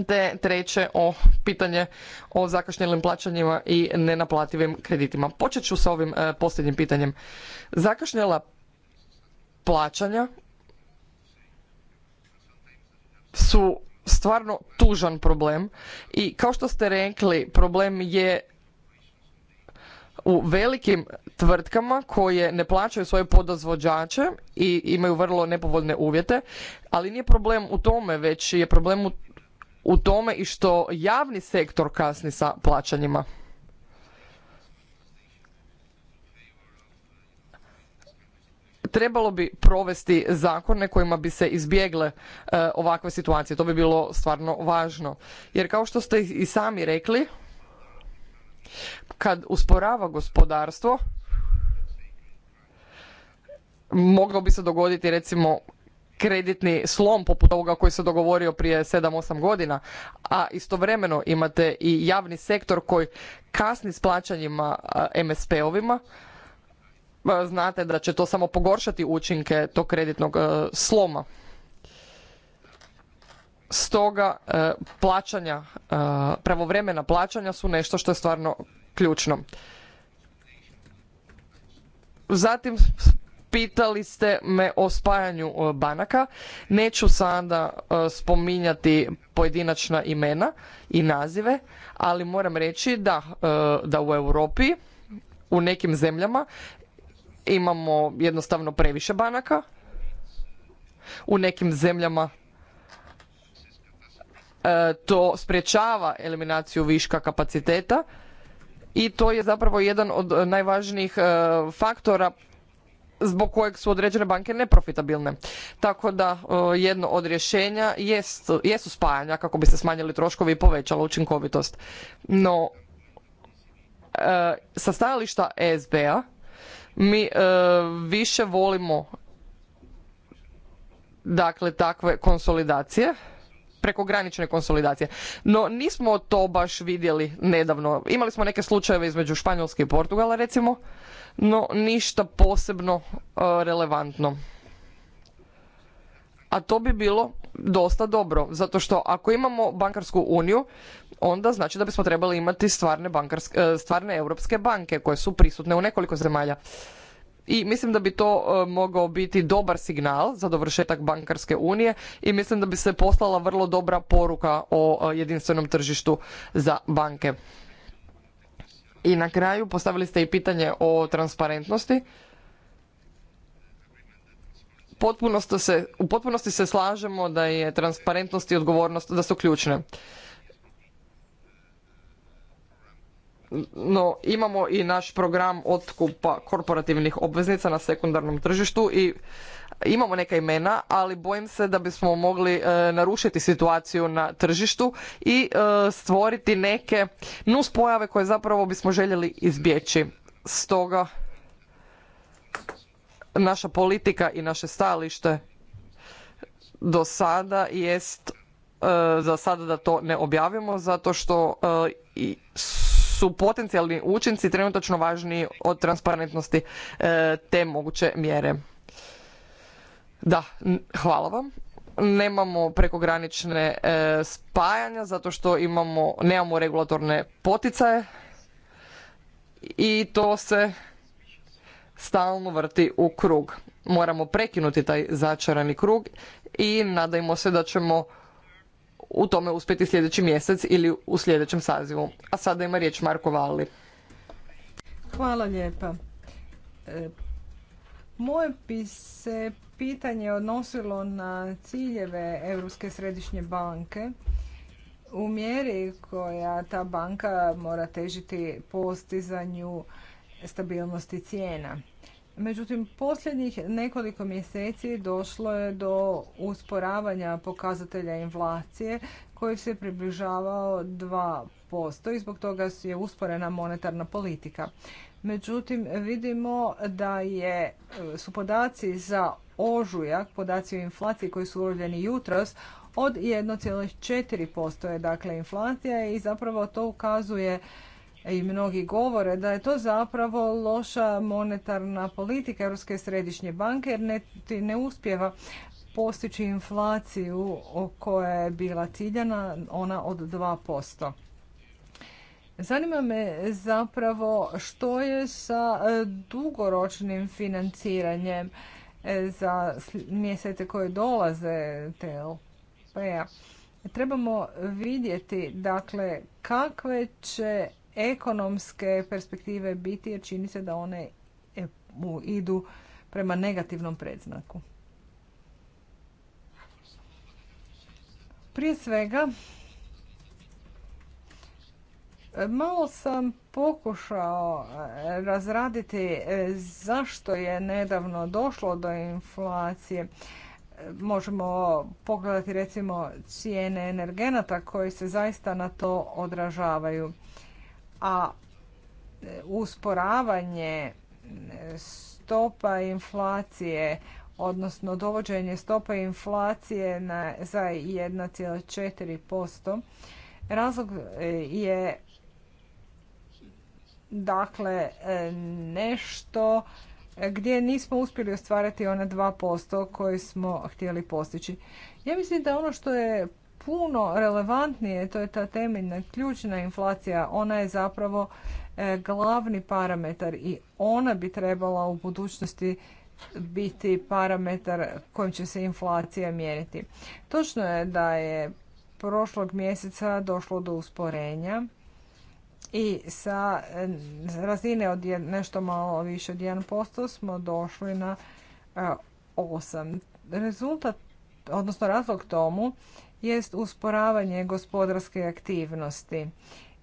te treće o pitanje o zakašnjelim plaćanjima i nenaplativim kreditima. Počet ću sa ovim e, posljednjim pitanjem. Zakašnjela plaćanja su stvarno tužan problem i kao što ste rekli problem je u velikim tvrtkama koje ne plaćaju svoje podizvođače i imaju vrlo nepovoljne uvjete, ali nije problem u tome, već je problem u, tome i što javni sektor kasni sa plaćanjima. trebalo bi provesti zakone kojima bi se izbjegle e, ovakve situacije to bi bilo stvarno važno jer kao što ste i sami rekli kad usporava gospodarstvo moglo bi se dogoditi recimo kreditni slom poput ovoga koji se dogovorio prije 7-8 godina, a istovremeno imate i javni sektor koji kasni s plaćanjima MSP-ovima, znate da će to samo pogoršati učinke tog kreditnog e, sloma. Stoga e, plaćanja, e, pravovremena plaćanja su nešto što je stvarno ključno. Zatim pitali ste me o spajanju e, banaka. Neću sada spominjati pojedinačna imena i nazive, ali moram reći da, da u Europi u nekim zemljama imamo jednostavno previše banaka. U nekim zemljama E, to sprječava eliminaciju viška kapaciteta i to je zapravo jedan od e, najvažnijih e, faktora zbog kojeg su određene banke neprofitabilne. Tako da jedno od rješenja jesu spajanja kako bi se smanjili troškovi i povećala učinkovitost. No, sa stajališta ESB-a mi više volimo dakle takve konsolidacije prekogranične konsolidacije. No nismo to baš vidjeli nedavno. Imali smo neke slučajeve između Španjolske i Portugala recimo, no ništa posebno e, relevantno. A to bi bilo dosta dobro, zato što ako imamo bankarsku uniju, onda znači da bismo trebali imati stvarne, e, stvarne europske banke koje su prisutne u nekoliko zemalja i mislim da bi to e, mogao biti dobar signal za dovršetak bankarske unije i mislim da bi se poslala vrlo dobra poruka o e, jedinstvenom tržištu za banke. I na kraju postavili ste i pitanje o transparentnosti. u potpunosti se slažemo da je transparentnost i odgovornost da su ključne. no imamo i naš program otkupa korporativnih obveznica na sekundarnom tržištu i imamo neka imena, ali bojim se da bismo mogli e, narušiti situaciju na tržištu i e, stvoriti neke nuspojave koje zapravo bismo željeli izbjeći. Stoga naša politika i naše stajalište do sada jest e, za sada da to ne objavimo zato što i su potencijalni učinci trenutačno važniji od transparentnosti e, te moguće mjere. Da, hvala vam. Nemamo prekogranične e, spajanja zato što imamo, nemamo regulatorne poticaje i to se stalno vrti u krug. Moramo prekinuti taj začarani krug i nadajmo se da ćemo u tome uspjeti sljedeći mjesec ili u sljedećem sazivu. A sada ima riječ Marko Vali. Hvala lijepa. E, moje bi se pitanje odnosilo na ciljeve Europske središnje banke u mjeri koja ta banka mora težiti postizanju stabilnosti cijena. Međutim, posljednjih nekoliko mjeseci došlo je do usporavanja pokazatelja inflacije koji se približavao 2% i zbog toga je usporena monetarna politika. Međutim, vidimo da je, su podaci za ožujak, podaci o inflaciji koji su urođeni jutros, od 1,4% je dakle inflacija i zapravo to ukazuje E, i mnogi govore da je to zapravo loša monetarna politika Europske središnje banke jer ne, ne uspjeva postići inflaciju koja je bila ciljana, ona od 2%. Zanima me zapravo što je sa e, dugoročnim financiranjem e, za mjesece koje dolaze TLP-a. Trebamo vidjeti dakle kakve će ekonomske perspektive biti jer čini se da one e, idu prema negativnom predznaku. Prije svega, malo sam pokušao e, razraditi e, zašto je nedavno došlo do inflacije. Možemo pogledati recimo cijene energenata koji se zaista na to odražavaju a e, usporavanje e, stopa inflacije, odnosno dovođenje stopa inflacije na, za 1,4%, razlog e, je dakle nešto gdje nismo uspjeli ostvariti ona 2% koje smo htjeli postići. Ja mislim da ono što je puno relevantnije, to je ta temeljna ključna inflacija, ona je zapravo e, glavni parametar i ona bi trebala u budućnosti biti parametar kojim će se inflacija mjeriti. Točno je da je prošlog mjeseca došlo do usporenja i sa e, razine od nešto malo više od 1% smo došli na 8. E, Rezultat, odnosno razlog tomu jest usporavanje gospodarske aktivnosti.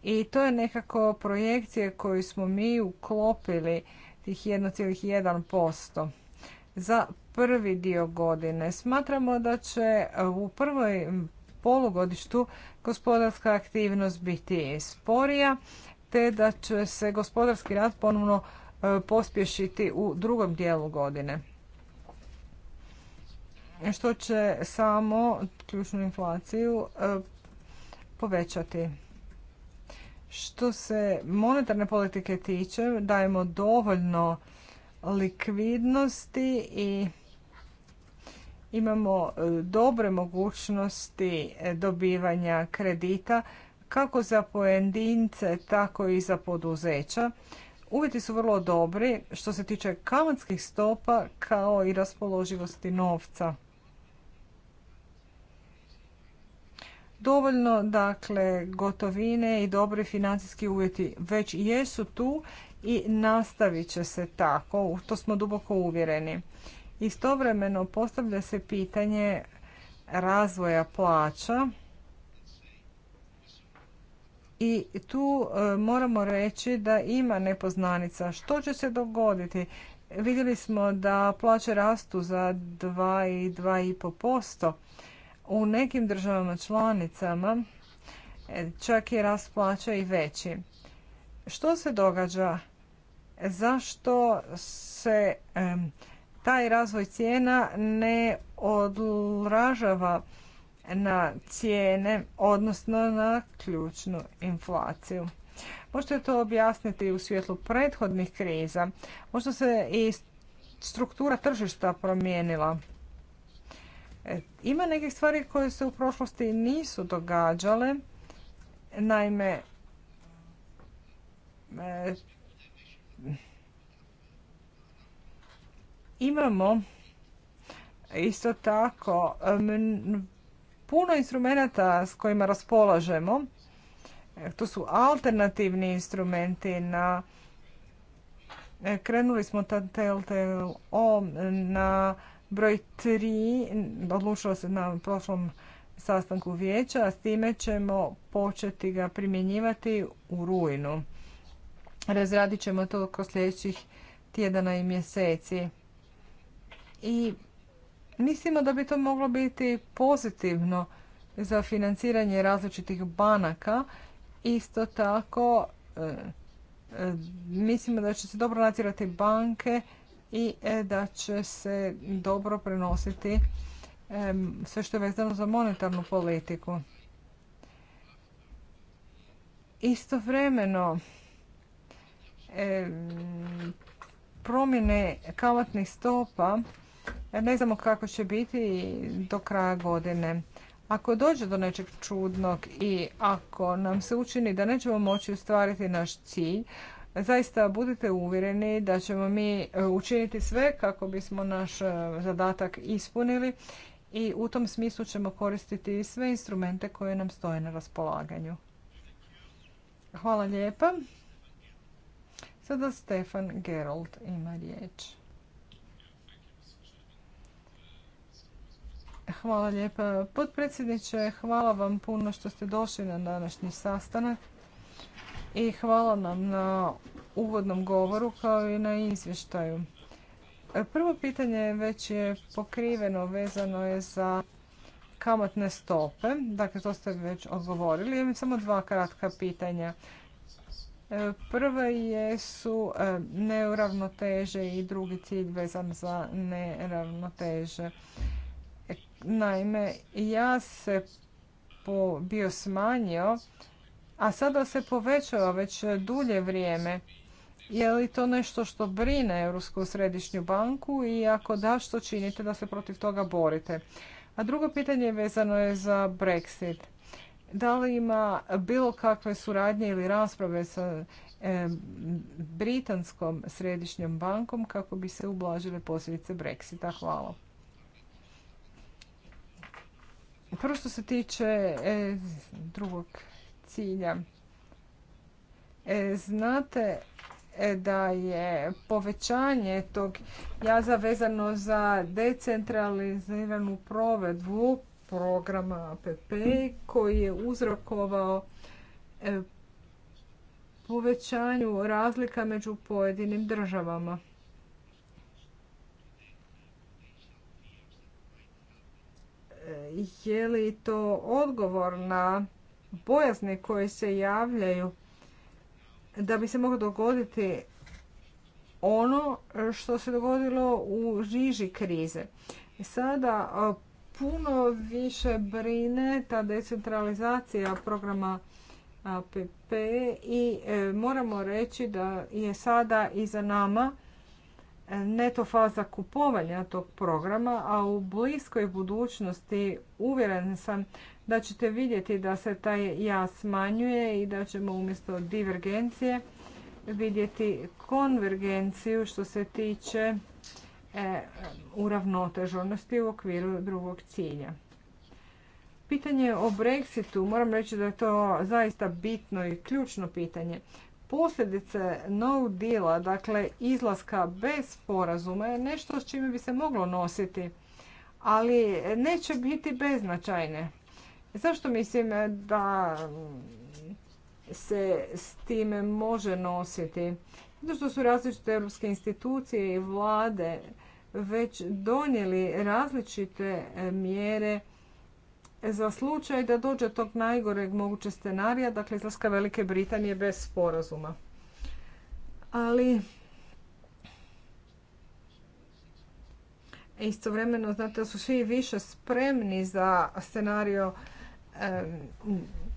I to je nekako projekcije koju smo mi uklopili tih 1,1% za prvi dio godine. Smatramo da će u prvoj polugodištu gospodarska aktivnost biti sporija, te da će se gospodarski rast ponovno e, pospješiti u drugom dijelu godine što će samo ključnu inflaciju e, povećati. Što se monetarne politike tiče, dajemo dovoljno likvidnosti i imamo e, dobre mogućnosti e, dobivanja kredita kako za pojedince, tako i za poduzeća. Uvjeti su vrlo dobri što se tiče kamatskih stopa kao i raspoloživosti novca. dovoljno dakle gotovine i dobri financijski uvjeti već jesu tu i nastavit će se tako, u to smo duboko uvjereni. Istovremeno postavlja se pitanje razvoja plaća i tu e, moramo reći da ima nepoznanica. Što će se dogoditi? Vidjeli smo da plaće rastu za 2 i 2,5%. U nekim državama članicama e, čak je rast plaća i veći. Što se događa? Zašto se taj razvoj cijena ne odražava na cijene, odnosno na ključnu inflaciju. Možete to objasniti u svjetlu prethodnih kriza. Možda se i struktura tržišta promijenila. E, ima nekih stvari koje se u prošlosti nisu događale. Naime, e, imamo isto tako puno instrumenata s kojima raspolažemo. E, to su alternativni instrumenti na krenuli smo tantel o na Broj 3 odlučilo se na prošlom sastanku vijeća, a s time ćemo početi ga primjenjivati u rujnu. Razradit ćemo to kroz sljedećih tjedana i mjeseci. I mislimo da bi to moglo biti pozitivno za financiranje različitih banaka. Isto tako, e, e, mislimo da će se dobro nadzirati banke i e, da će se dobro prenositi sve što je vezano za monetarnu politiku. Istovremeno, promjene kamatnih stopa e, ne znamo kako će biti do kraja godine. Ako dođe do nečeg čudnog i ako nam se učini da nećemo moći ostvariti naš cilj, Zaista budite uvjereni da ćemo mi e, učiniti sve kako bismo naš e, zadatak ispunili i u tom smislu ćemo koristiti sve instrumente koje nam stoje na raspolaganju. Hvala lijepa. Sada Stefan Gerold ima riječ. Hvala lijepa. Potpredsjedniče, hvala vam puno što ste došli na današnji sastanak i hvala nam na uvodnom govoru kao i na izvještaju. Prvo pitanje već je pokriveno, vezano je za kamatne stope, dakle to ste već odgovorili. Imam samo dva kratka pitanja. Prvo je su e, neuravnoteže i drugi cilj vezan za neravnoteže. Naime, ja se po bio smanjio a sada se povećava već dulje vrijeme. Je li to nešto što brine Europsku središnju banku i ako da, što činite da se protiv toga borite? A drugo pitanje vezano je za Brexit. Da li ima bilo kakve suradnje ili rasprave sa Britanskom središnjom bankom kako bi se ublažile posljedice Brexita? Hvala. Prvo što se tiče e, drugog cilja. E, znate e, da je povećanje tog jaza vezano za decentraliziranu provedbu programa APP koji je uzrokovao e, povećanju razlika među pojedinim državama. Je li to odgovor na bojazne koje se javljaju da bi se moglo dogoditi ono što se dogodilo u žiži krize. Sada puno više brine ta decentralizacija programa APP i e, moramo reći da je sada i za nama e, neto faza kupovanja tog programa, a u bliskoj budućnosti uvjeren sam da ćete vidjeti da se taj ja smanjuje i da ćemo umjesto divergencije vidjeti konvergenciju što se tiče e, uravnoteženosti u okviru drugog cilja. Pitanje o Brexitu, moram reći da je to zaista bitno i ključno pitanje. Posljedice no deala, dakle izlaska bez sporazuma je nešto s čime bi se moglo nositi, ali neće biti beznačajne. Zašto mislim eh, da mm, se s time može nositi? Zato što su različite europske institucije i vlade već donijeli različite eh, mjere za slučaj da dođe tog najgoreg moguće scenarija, dakle izlaska Velike Britanije bez sporazuma. Ali istovremeno znate su svi više spremni za scenario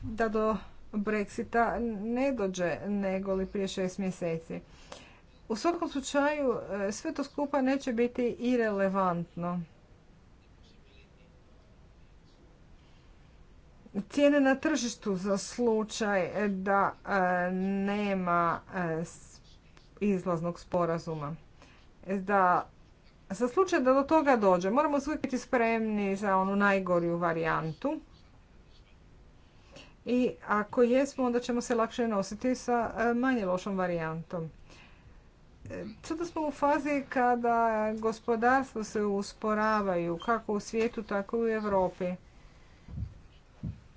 da do Brexita ne dođe nego prije šest mjeseci. U svakom slučaju e, sve to skupa neće biti irelevantno. Cijene na tržištu za slučaj da e, nema e, izlaznog sporazuma. Da za slučaj da do toga dođe, moramo uvijek biti spremni za onu najgoriju varijantu i ako jesmo onda ćemo se lakše nositi sa e, manje lošom varijantom. E, sada smo u fazi kada gospodarstvo se usporavaju kako u svijetu tako i u Europi.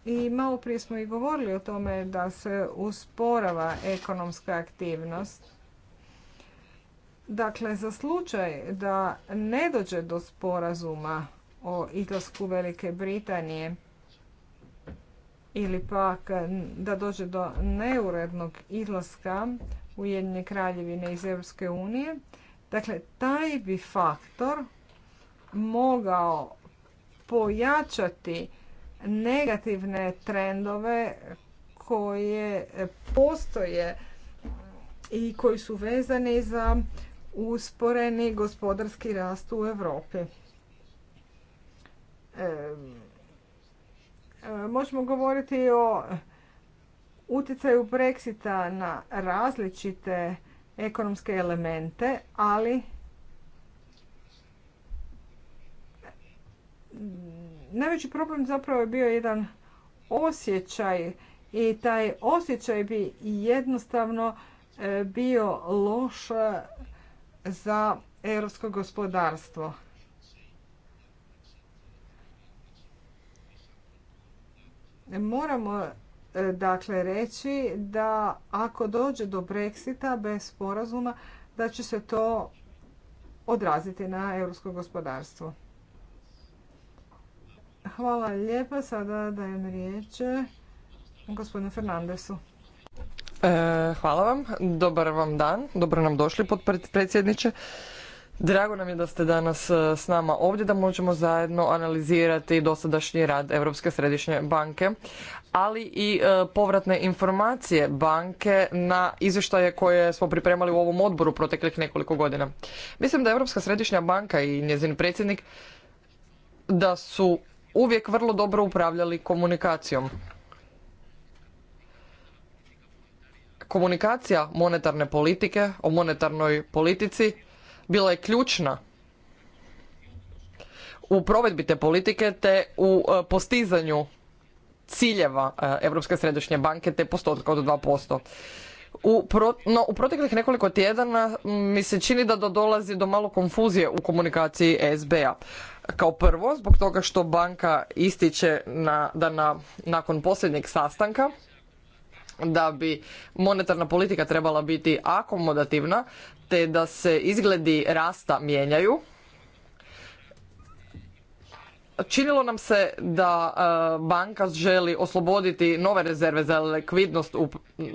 I malo prije smo i govorili o tome da se usporava ekonomska aktivnost. Dakle, za slučaj da ne dođe do sporazuma o izlasku Velike Britanije ili pak da dođe do neurednog izlaska Ujedinjene kraljevine iz Europske unije, dakle taj bi faktor mogao pojačati negativne trendove koje postoje i koji su vezani za usporeni gospodarski rast u Europi. Možemo govoriti o utjecaju Brexita na različite ekonomske elemente, ali najveći problem zapravo je bio jedan osjećaj i taj osjećaj bi jednostavno e, bio loš za europsko gospodarstvo. Moramo e, dakle reći da ako dođe do Brexita bez sporazuma da će se to odraziti na europsko gospodarstvo. Hvala lijepa. Sada dajem riječ e, gospodinu Fernandesu. E, hvala vam. Dobar vam dan. Dobro nam došli, potpredsjedniče. Drago nam je da ste danas e, s nama ovdje, da možemo zajedno analizirati dosadašnji rad Europske središnje banke, ali i e, povratne informacije banke na izvještaje koje smo pripremali u ovom odboru proteklih nekoliko godina. Mislim da Europska središnja banka i njezin predsjednik da su uvijek vrlo dobro upravljali komunikacijom. Komunikacija monetarne politike o monetarnoj politici bila je ključna u provedbi te politike te u e, postizanju ciljeva e, Europske središnje banke te postotka od 2%. U, pro, no, u proteklih nekoliko tjedana mi se čini da dolazi do malo konfuzije u komunikaciji sba Kao prvo, zbog toga što banka ističe na, da na, nakon posljednjeg sastanka da bi monetarna politika trebala biti akomodativna, te da se izgledi rasta mijenjaju, činilo nam se da e, banka želi osloboditi nove rezerve za likvidnost u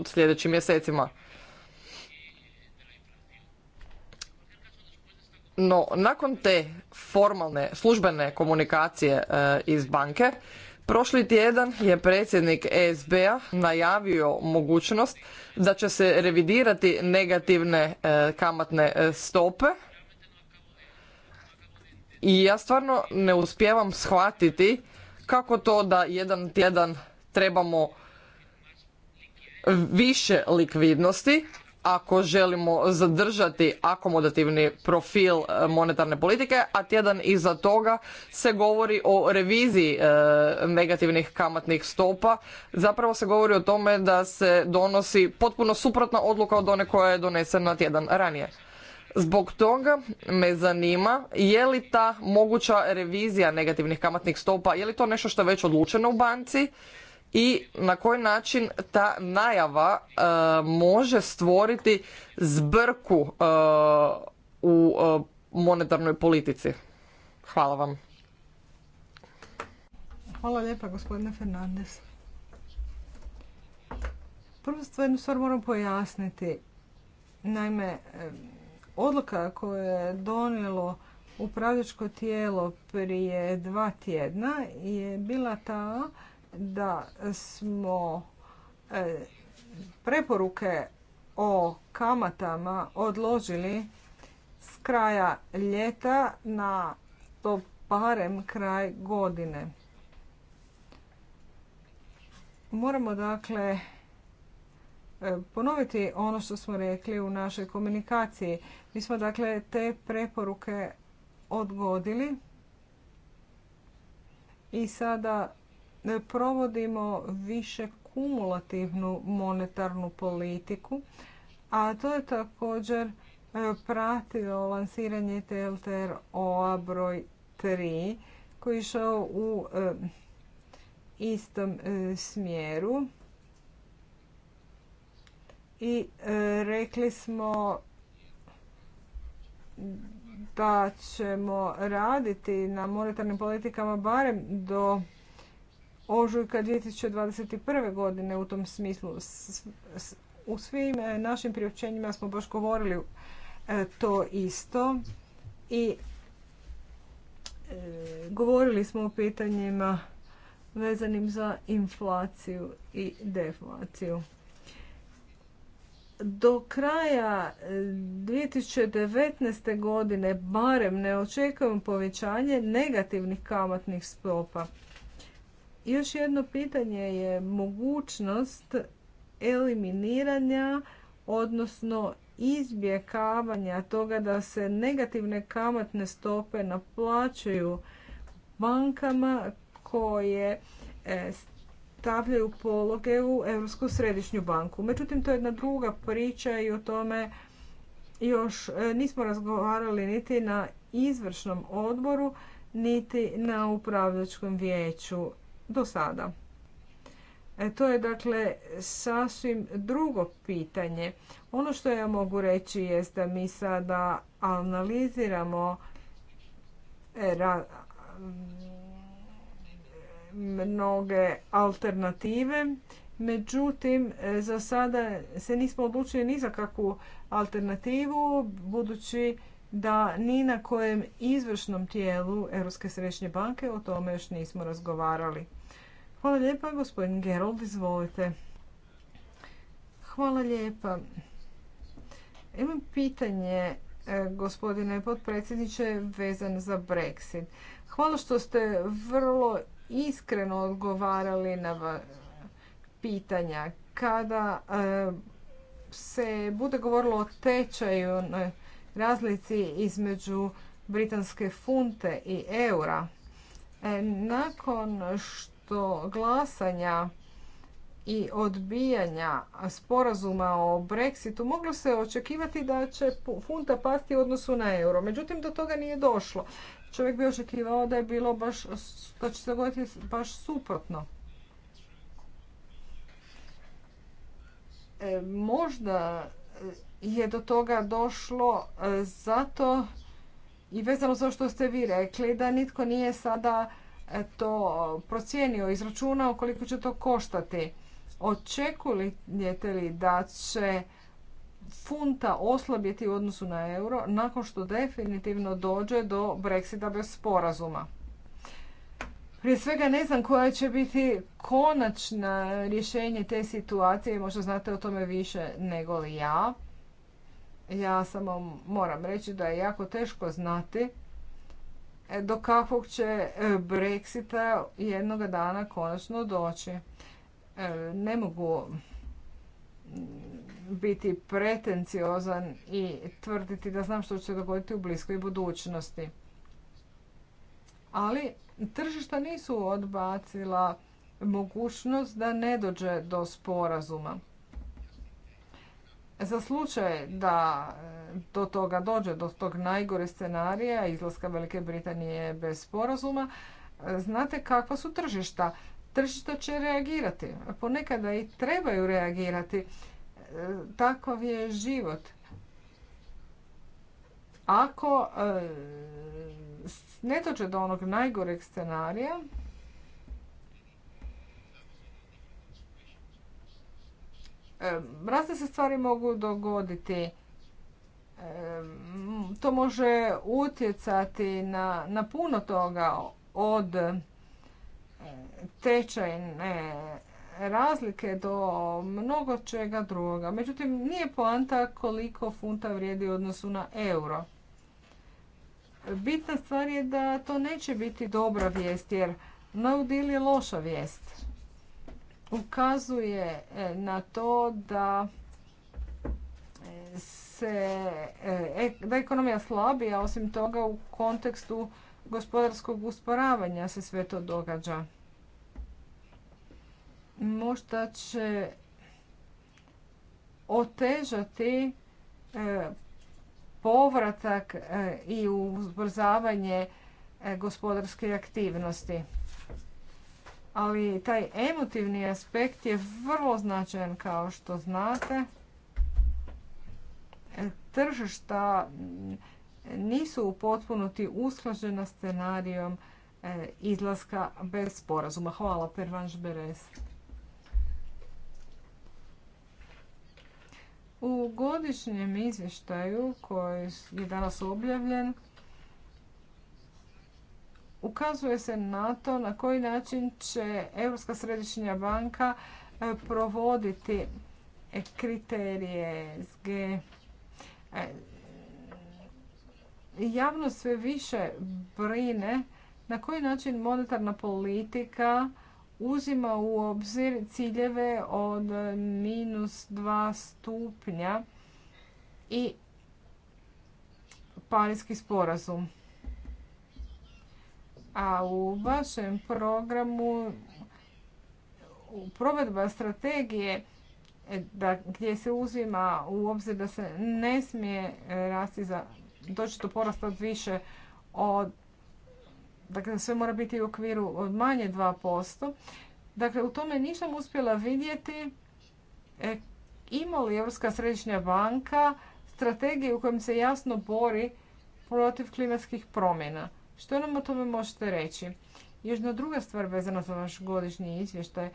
sljedećim mjesecima. No, nakon te formalne službene komunikacije e, iz banke Prošli tjedan je predsjednik ESB-a najavio mogućnost da će se revidirati negativne e, kamatne e, stope i ja stvarno ne uspijevam shvatiti kako to da jedan tjedan trebamo više likvidnosti ako želimo zadržati akomodativni profil e, monetarne politike, a tjedan iza toga se govori o reviziji e, negativnih kamatnih stopa. Zapravo se govori o tome da se donosi potpuno suprotna odluka od one koja je donesena tjedan ranije. Zbog toga me zanima je li ta moguća revizija negativnih kamatnih stopa, je li to nešto što je već odlučeno u banci i na koji način ta najava e, može stvoriti zbrku e, u e, monetarnoj politici. Hvala vam. Hvala lijepa gospodine Fernandez. Prvo stvarno stvar moram pojasniti. Naime, odluka koju je donijelo upravljačko tijelo prije dva tjedna je bila ta da smo e, preporuke o kamatama odložili s kraja ljeta na to parem kraj godine. Moramo dakle e, ponoviti ono što smo rekli u našoj komunikaciji. Mi smo dakle te preporuke odgodili i sada provodimo više kumulativnu monetarnu politiku, a to je također e, pratio lansiranje TLTR-OA broj 3 koji je išao u e, istom e, smjeru i rekli smo da ćemo raditi na monetarnim politikama barem do ožujka 2021. godine u tom smislu. U svim e, našim priopćenjima smo baš govorili e, to isto i e, govorili smo o pitanjima vezanim za inflaciju i deflaciju. Do kraja 2019. godine barem ne očekujemo povećanje negativnih kamatnih stopa još jedno pitanje je mogućnost eliminiranja, odnosno izbjekavanja toga da se negativne kamatne stope naplaćuju bankama koje e, stavljaju pologe u Europsku središnju banku. Međutim, to je jedna druga priča i o tome još e, nismo razgovarali niti na izvršnom odboru, niti na upravljačkom vijeću do sada. E, to je dakle sasvim drugo pitanje. Ono što ja mogu reći je da mi sada analiziramo e, mnoge alternative, međutim e, za sada se nismo odlučili ni za kakvu alternativu budući da ni na kojem izvršnom tijelu Europske središnje banke o tome još nismo razgovarali. Hvala lijepa, gospodin Gerold, izvolite. Hvala lijepa. Imam pitanje, e, gospodine potpredsjedniče, vezan za Brexit. Hvala što ste vrlo iskreno odgovarali na pitanja. Kada e, se bude govorilo o tečaju razlici između britanske funte i eura. E, nakon što glasanja i odbijanja sporazuma o Brexitu moglo se očekivati da će funta pasti u odnosu na euro. Međutim, do toga nije došlo. Čovjek bi očekivao da je bilo baš, da će se dogoditi baš suprotno. E, možda je do toga došlo e, zato i vezano za što ste vi rekli da nitko nije sada e, to procijenio, izračunao koliko će to koštati. Očekujete li da će funta oslabiti u odnosu na euro nakon što definitivno dođe do Brexita bez sporazuma? Prije svega ne znam koja će biti konačna rješenje te situacije, možda znate o tome više nego li ja. Ja samo moram reći da je jako teško znati e, do kakvog će e, Brexita jednoga dana konačno doći. E, ne mogu mm, biti pretenciozan i tvrditi da znam što će dogoditi u bliskoj budućnosti. Ali tržišta nisu odbacila mogućnost da ne dođe do sporazuma. Za slučaj da e, do toga dođe, do tog najgore scenarija, izlaska Velike Britanije bez sporazuma, e, znate kakva su tržišta. Tržišta će reagirati. Ponekada i trebaju reagirati. E, takav je život. Ako ne dođe do onog najgoreg scenarija, Razne se stvari mogu dogoditi. To može utjecati na, puno toga od tečajne razlike do mnogo čega drugoga. Međutim, nije poanta koliko funta vrijedi u odnosu na euro. Bitna stvar je da to neće biti dobra vijest jer no deal je loša vijest ukazuje e, na to da e, se e, da ekonomija slabi, a osim toga u kontekstu gospodarskog usporavanja se sve to događa. Možda će otežati povratak i ubrzavanje gospodarske aktivnosti ali taj emotivni aspekt je vrlo značajan kao što znate. E, tržišta nisu u potpunosti usklađena scenarijom e, izlaska bez sporazuma. Hvala, Pervanš Beres. U godišnjem izvještaju koji je danas objavljen, ukazuje se na to na koji način će Europska središnja banka e, provoditi e, kriterije SG. E, javnost sve više brine na koji način monetarna politika uzima u obzir ciljeve od minus 2 stupnja i parijski sporazum a u vašem programu provedba strategije e, da, gdje se uzima u obzir da se ne smije e, rasti za doći do porasta od više od dakle sve mora biti u okviru od manje 2%. Dakle, u tome nisam uspjela vidjeti e, ima li Europska središnja banka strategiju u kojem se jasno bori protiv klimatskih promjena. Što nam o tome možete reći? Još jedna druga stvar vezana za vaš godišnji izvještaj.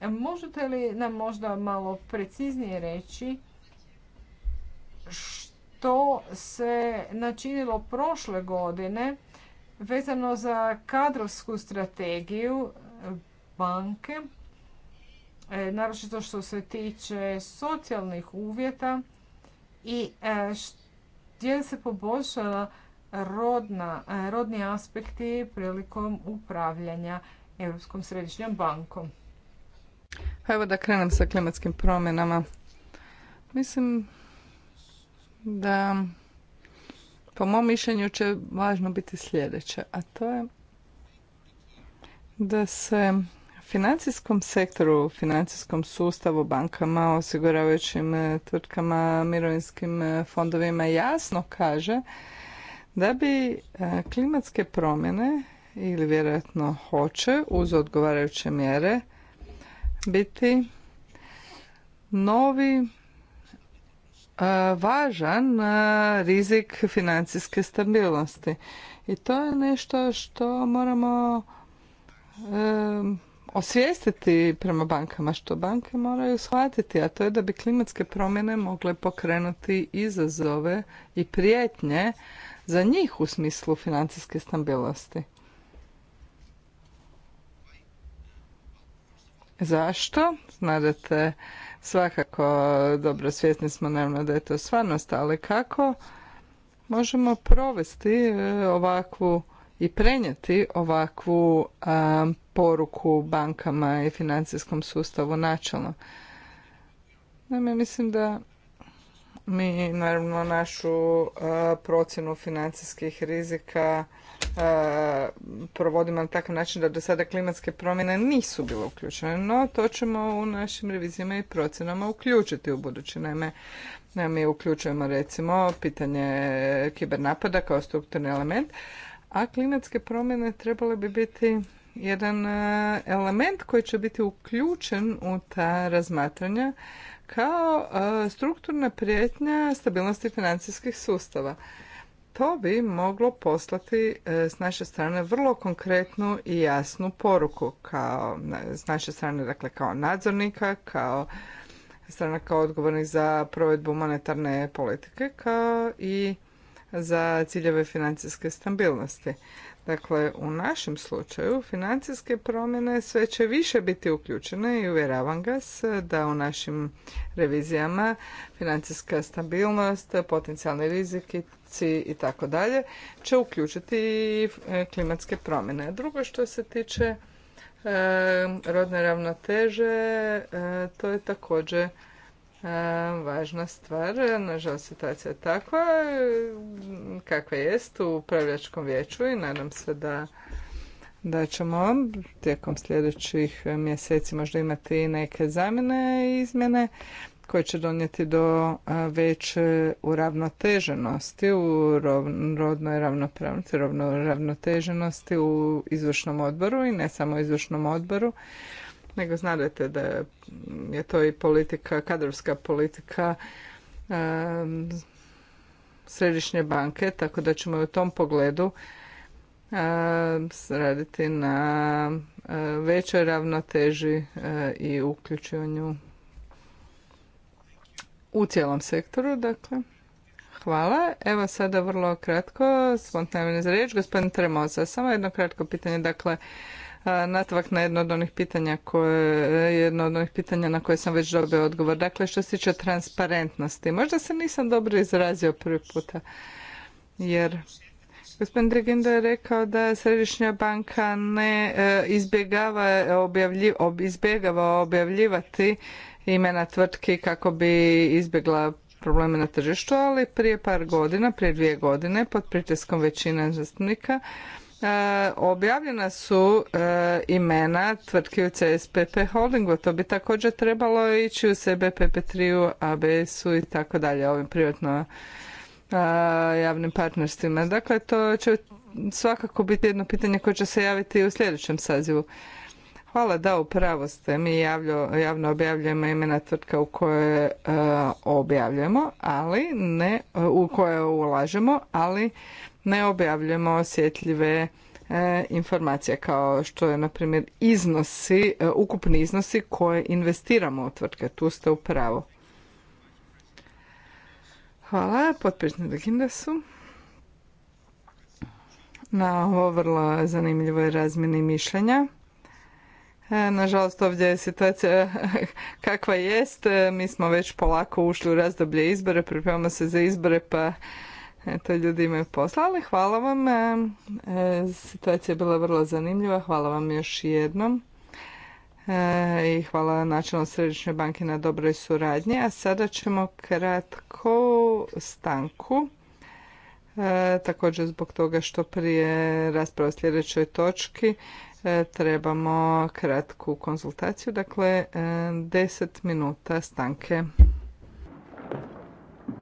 E, možete li nam možda malo preciznije reći što se načinilo prošle godine vezano za kadrovsku strategiju e, banke, e, naročito što se tiče socijalnih uvjeta i gdje se poboljšala E, rodni aspekti prilikom upravljanja Europskom središnjom bankom. Pa evo da krenem sa klimatskim promjenama. Mislim da po mom mišljenju će važno biti sljedeće, a to je da se financijskom sektoru, financijskom sustavu, bankama, osiguravajućim e, tvrtkama, mirovinskim e, fondovima jasno kaže da bi e, klimatske promjene ili vjerojatno hoće uz odgovarajuće mjere biti novi e, važan e, rizik financijske stabilnosti. I to je nešto što moramo osvijestiti prema bankama, što banke moraju shvatiti, a to je da bi klimatske promjene mogle pokrenuti izazove i prijetnje za njih u smislu financijske stabilnosti. Zašto? Znate, svakako dobro svjesni smo naravno da je to stvarnost, ali kako možemo provesti e, ovakvu i prenijeti ovakvu poruku bankama i financijskom sustavu načelno. Naime, mislim da mi naravno našu e, procjenu financijskih rizika e, provodimo na takav način da do sada klimatske promjene nisu bile uključene, no to ćemo u našim revizijama i procjenama uključiti u budući. Naime, e, mi uključujemo recimo pitanje kibernapada kao strukturni element, a klimatske promjene trebale bi biti jedan element koji će biti uključen u ta razmatranja kao e, strukturna prijetnja stabilnosti financijskih sustava. To bi moglo poslati e, s naše strane vrlo konkretnu i jasnu poruku kao s naše strane dakle kao nadzornika, kao strana kao odgovornih za provedbu monetarne politike kao i za ciljeve financijske stabilnosti. Dakle, u našem slučaju financijske promjene sve će više biti uključene i uvjeravam ga da u našim revizijama financijska stabilnost, potencijalni rizici i tako dalje će uključiti i e, klimatske promjene. Drugo što se tiče e, rodne ravnoteže, e, to je također važna stvar. Nažalost, situacija je takva kakva jest u upravljačkom vijeću i nadam se da ćemo tijekom sljedećih mjeseci možda imati neke zamjene i izmjene koje će donijeti do veće uravnoteženosti u rodnoj ravnopravnosti, ravnoteženosti u izvršnom odboru i ne samo u izvršnom odboru nego znate da je to i politika, kadrovska politika središnje banke, tako da ćemo i u tom pogledu raditi na većoj ravnoteži i uključivanju u cijelom sektoru, dakle. Hvala. Evo sada vrlo kratko, spontano za riječ, gospodin Tremoza, Samo jedno kratko pitanje, dakle, natvak na jedno od onih pitanja koje, jedno od onih pitanja na koje sam već dobio odgovor. Dakle, što se tiče transparentnosti, možda se nisam dobro izrazio prvi puta, jer Gospodin Dregindo je rekao da Središnja banka ne e, izbjegava, izbjegava objavljivati imena tvrtki kako bi izbjegla probleme na tržištu, ali prije par godina, prije dvije godine, pod pritiskom većine zastupnika, E, objavljena su e, imena tvrtke u CSPP holdingu, to bi također trebalo ići u pp 3 ABS-u i tako dalje, ovim privatno e, javnim partnerstvima. Dakle, to će svakako biti jedno pitanje koje će se javiti u sljedećem sazivu. Hvala, da, upravo ste. Mi javno objavljujemo imena tvrtka u koje objavljujemo, ali ne, u koje ulažemo, ali ne objavljujemo osjetljive e, informacije kao što je na primjer iznosi, e, ukupni iznosi koje investiramo u tvrtke. Tu ste u pravu. Hvala, potpredsjednik su. Na ovo vrlo zanimljivoj razmjeni mišljenja. E, nažalost, ovdje je situacija kakva jest. Mi smo već polako ušli u razdoblje izbore, pripremamo se za izbore, pa Eto, ljudi imaju posla, ali hvala vam. E, e, situacija je bila vrlo zanimljiva. Hvala vam još jednom. E, I hvala načelno Središnjoj banki na dobroj suradnji. A sada ćemo kratko stanku. također zbog toga što prije rasprava o sljedećoj točki trebamo kratku konzultaciju. Dakle, 10 minuta stanke.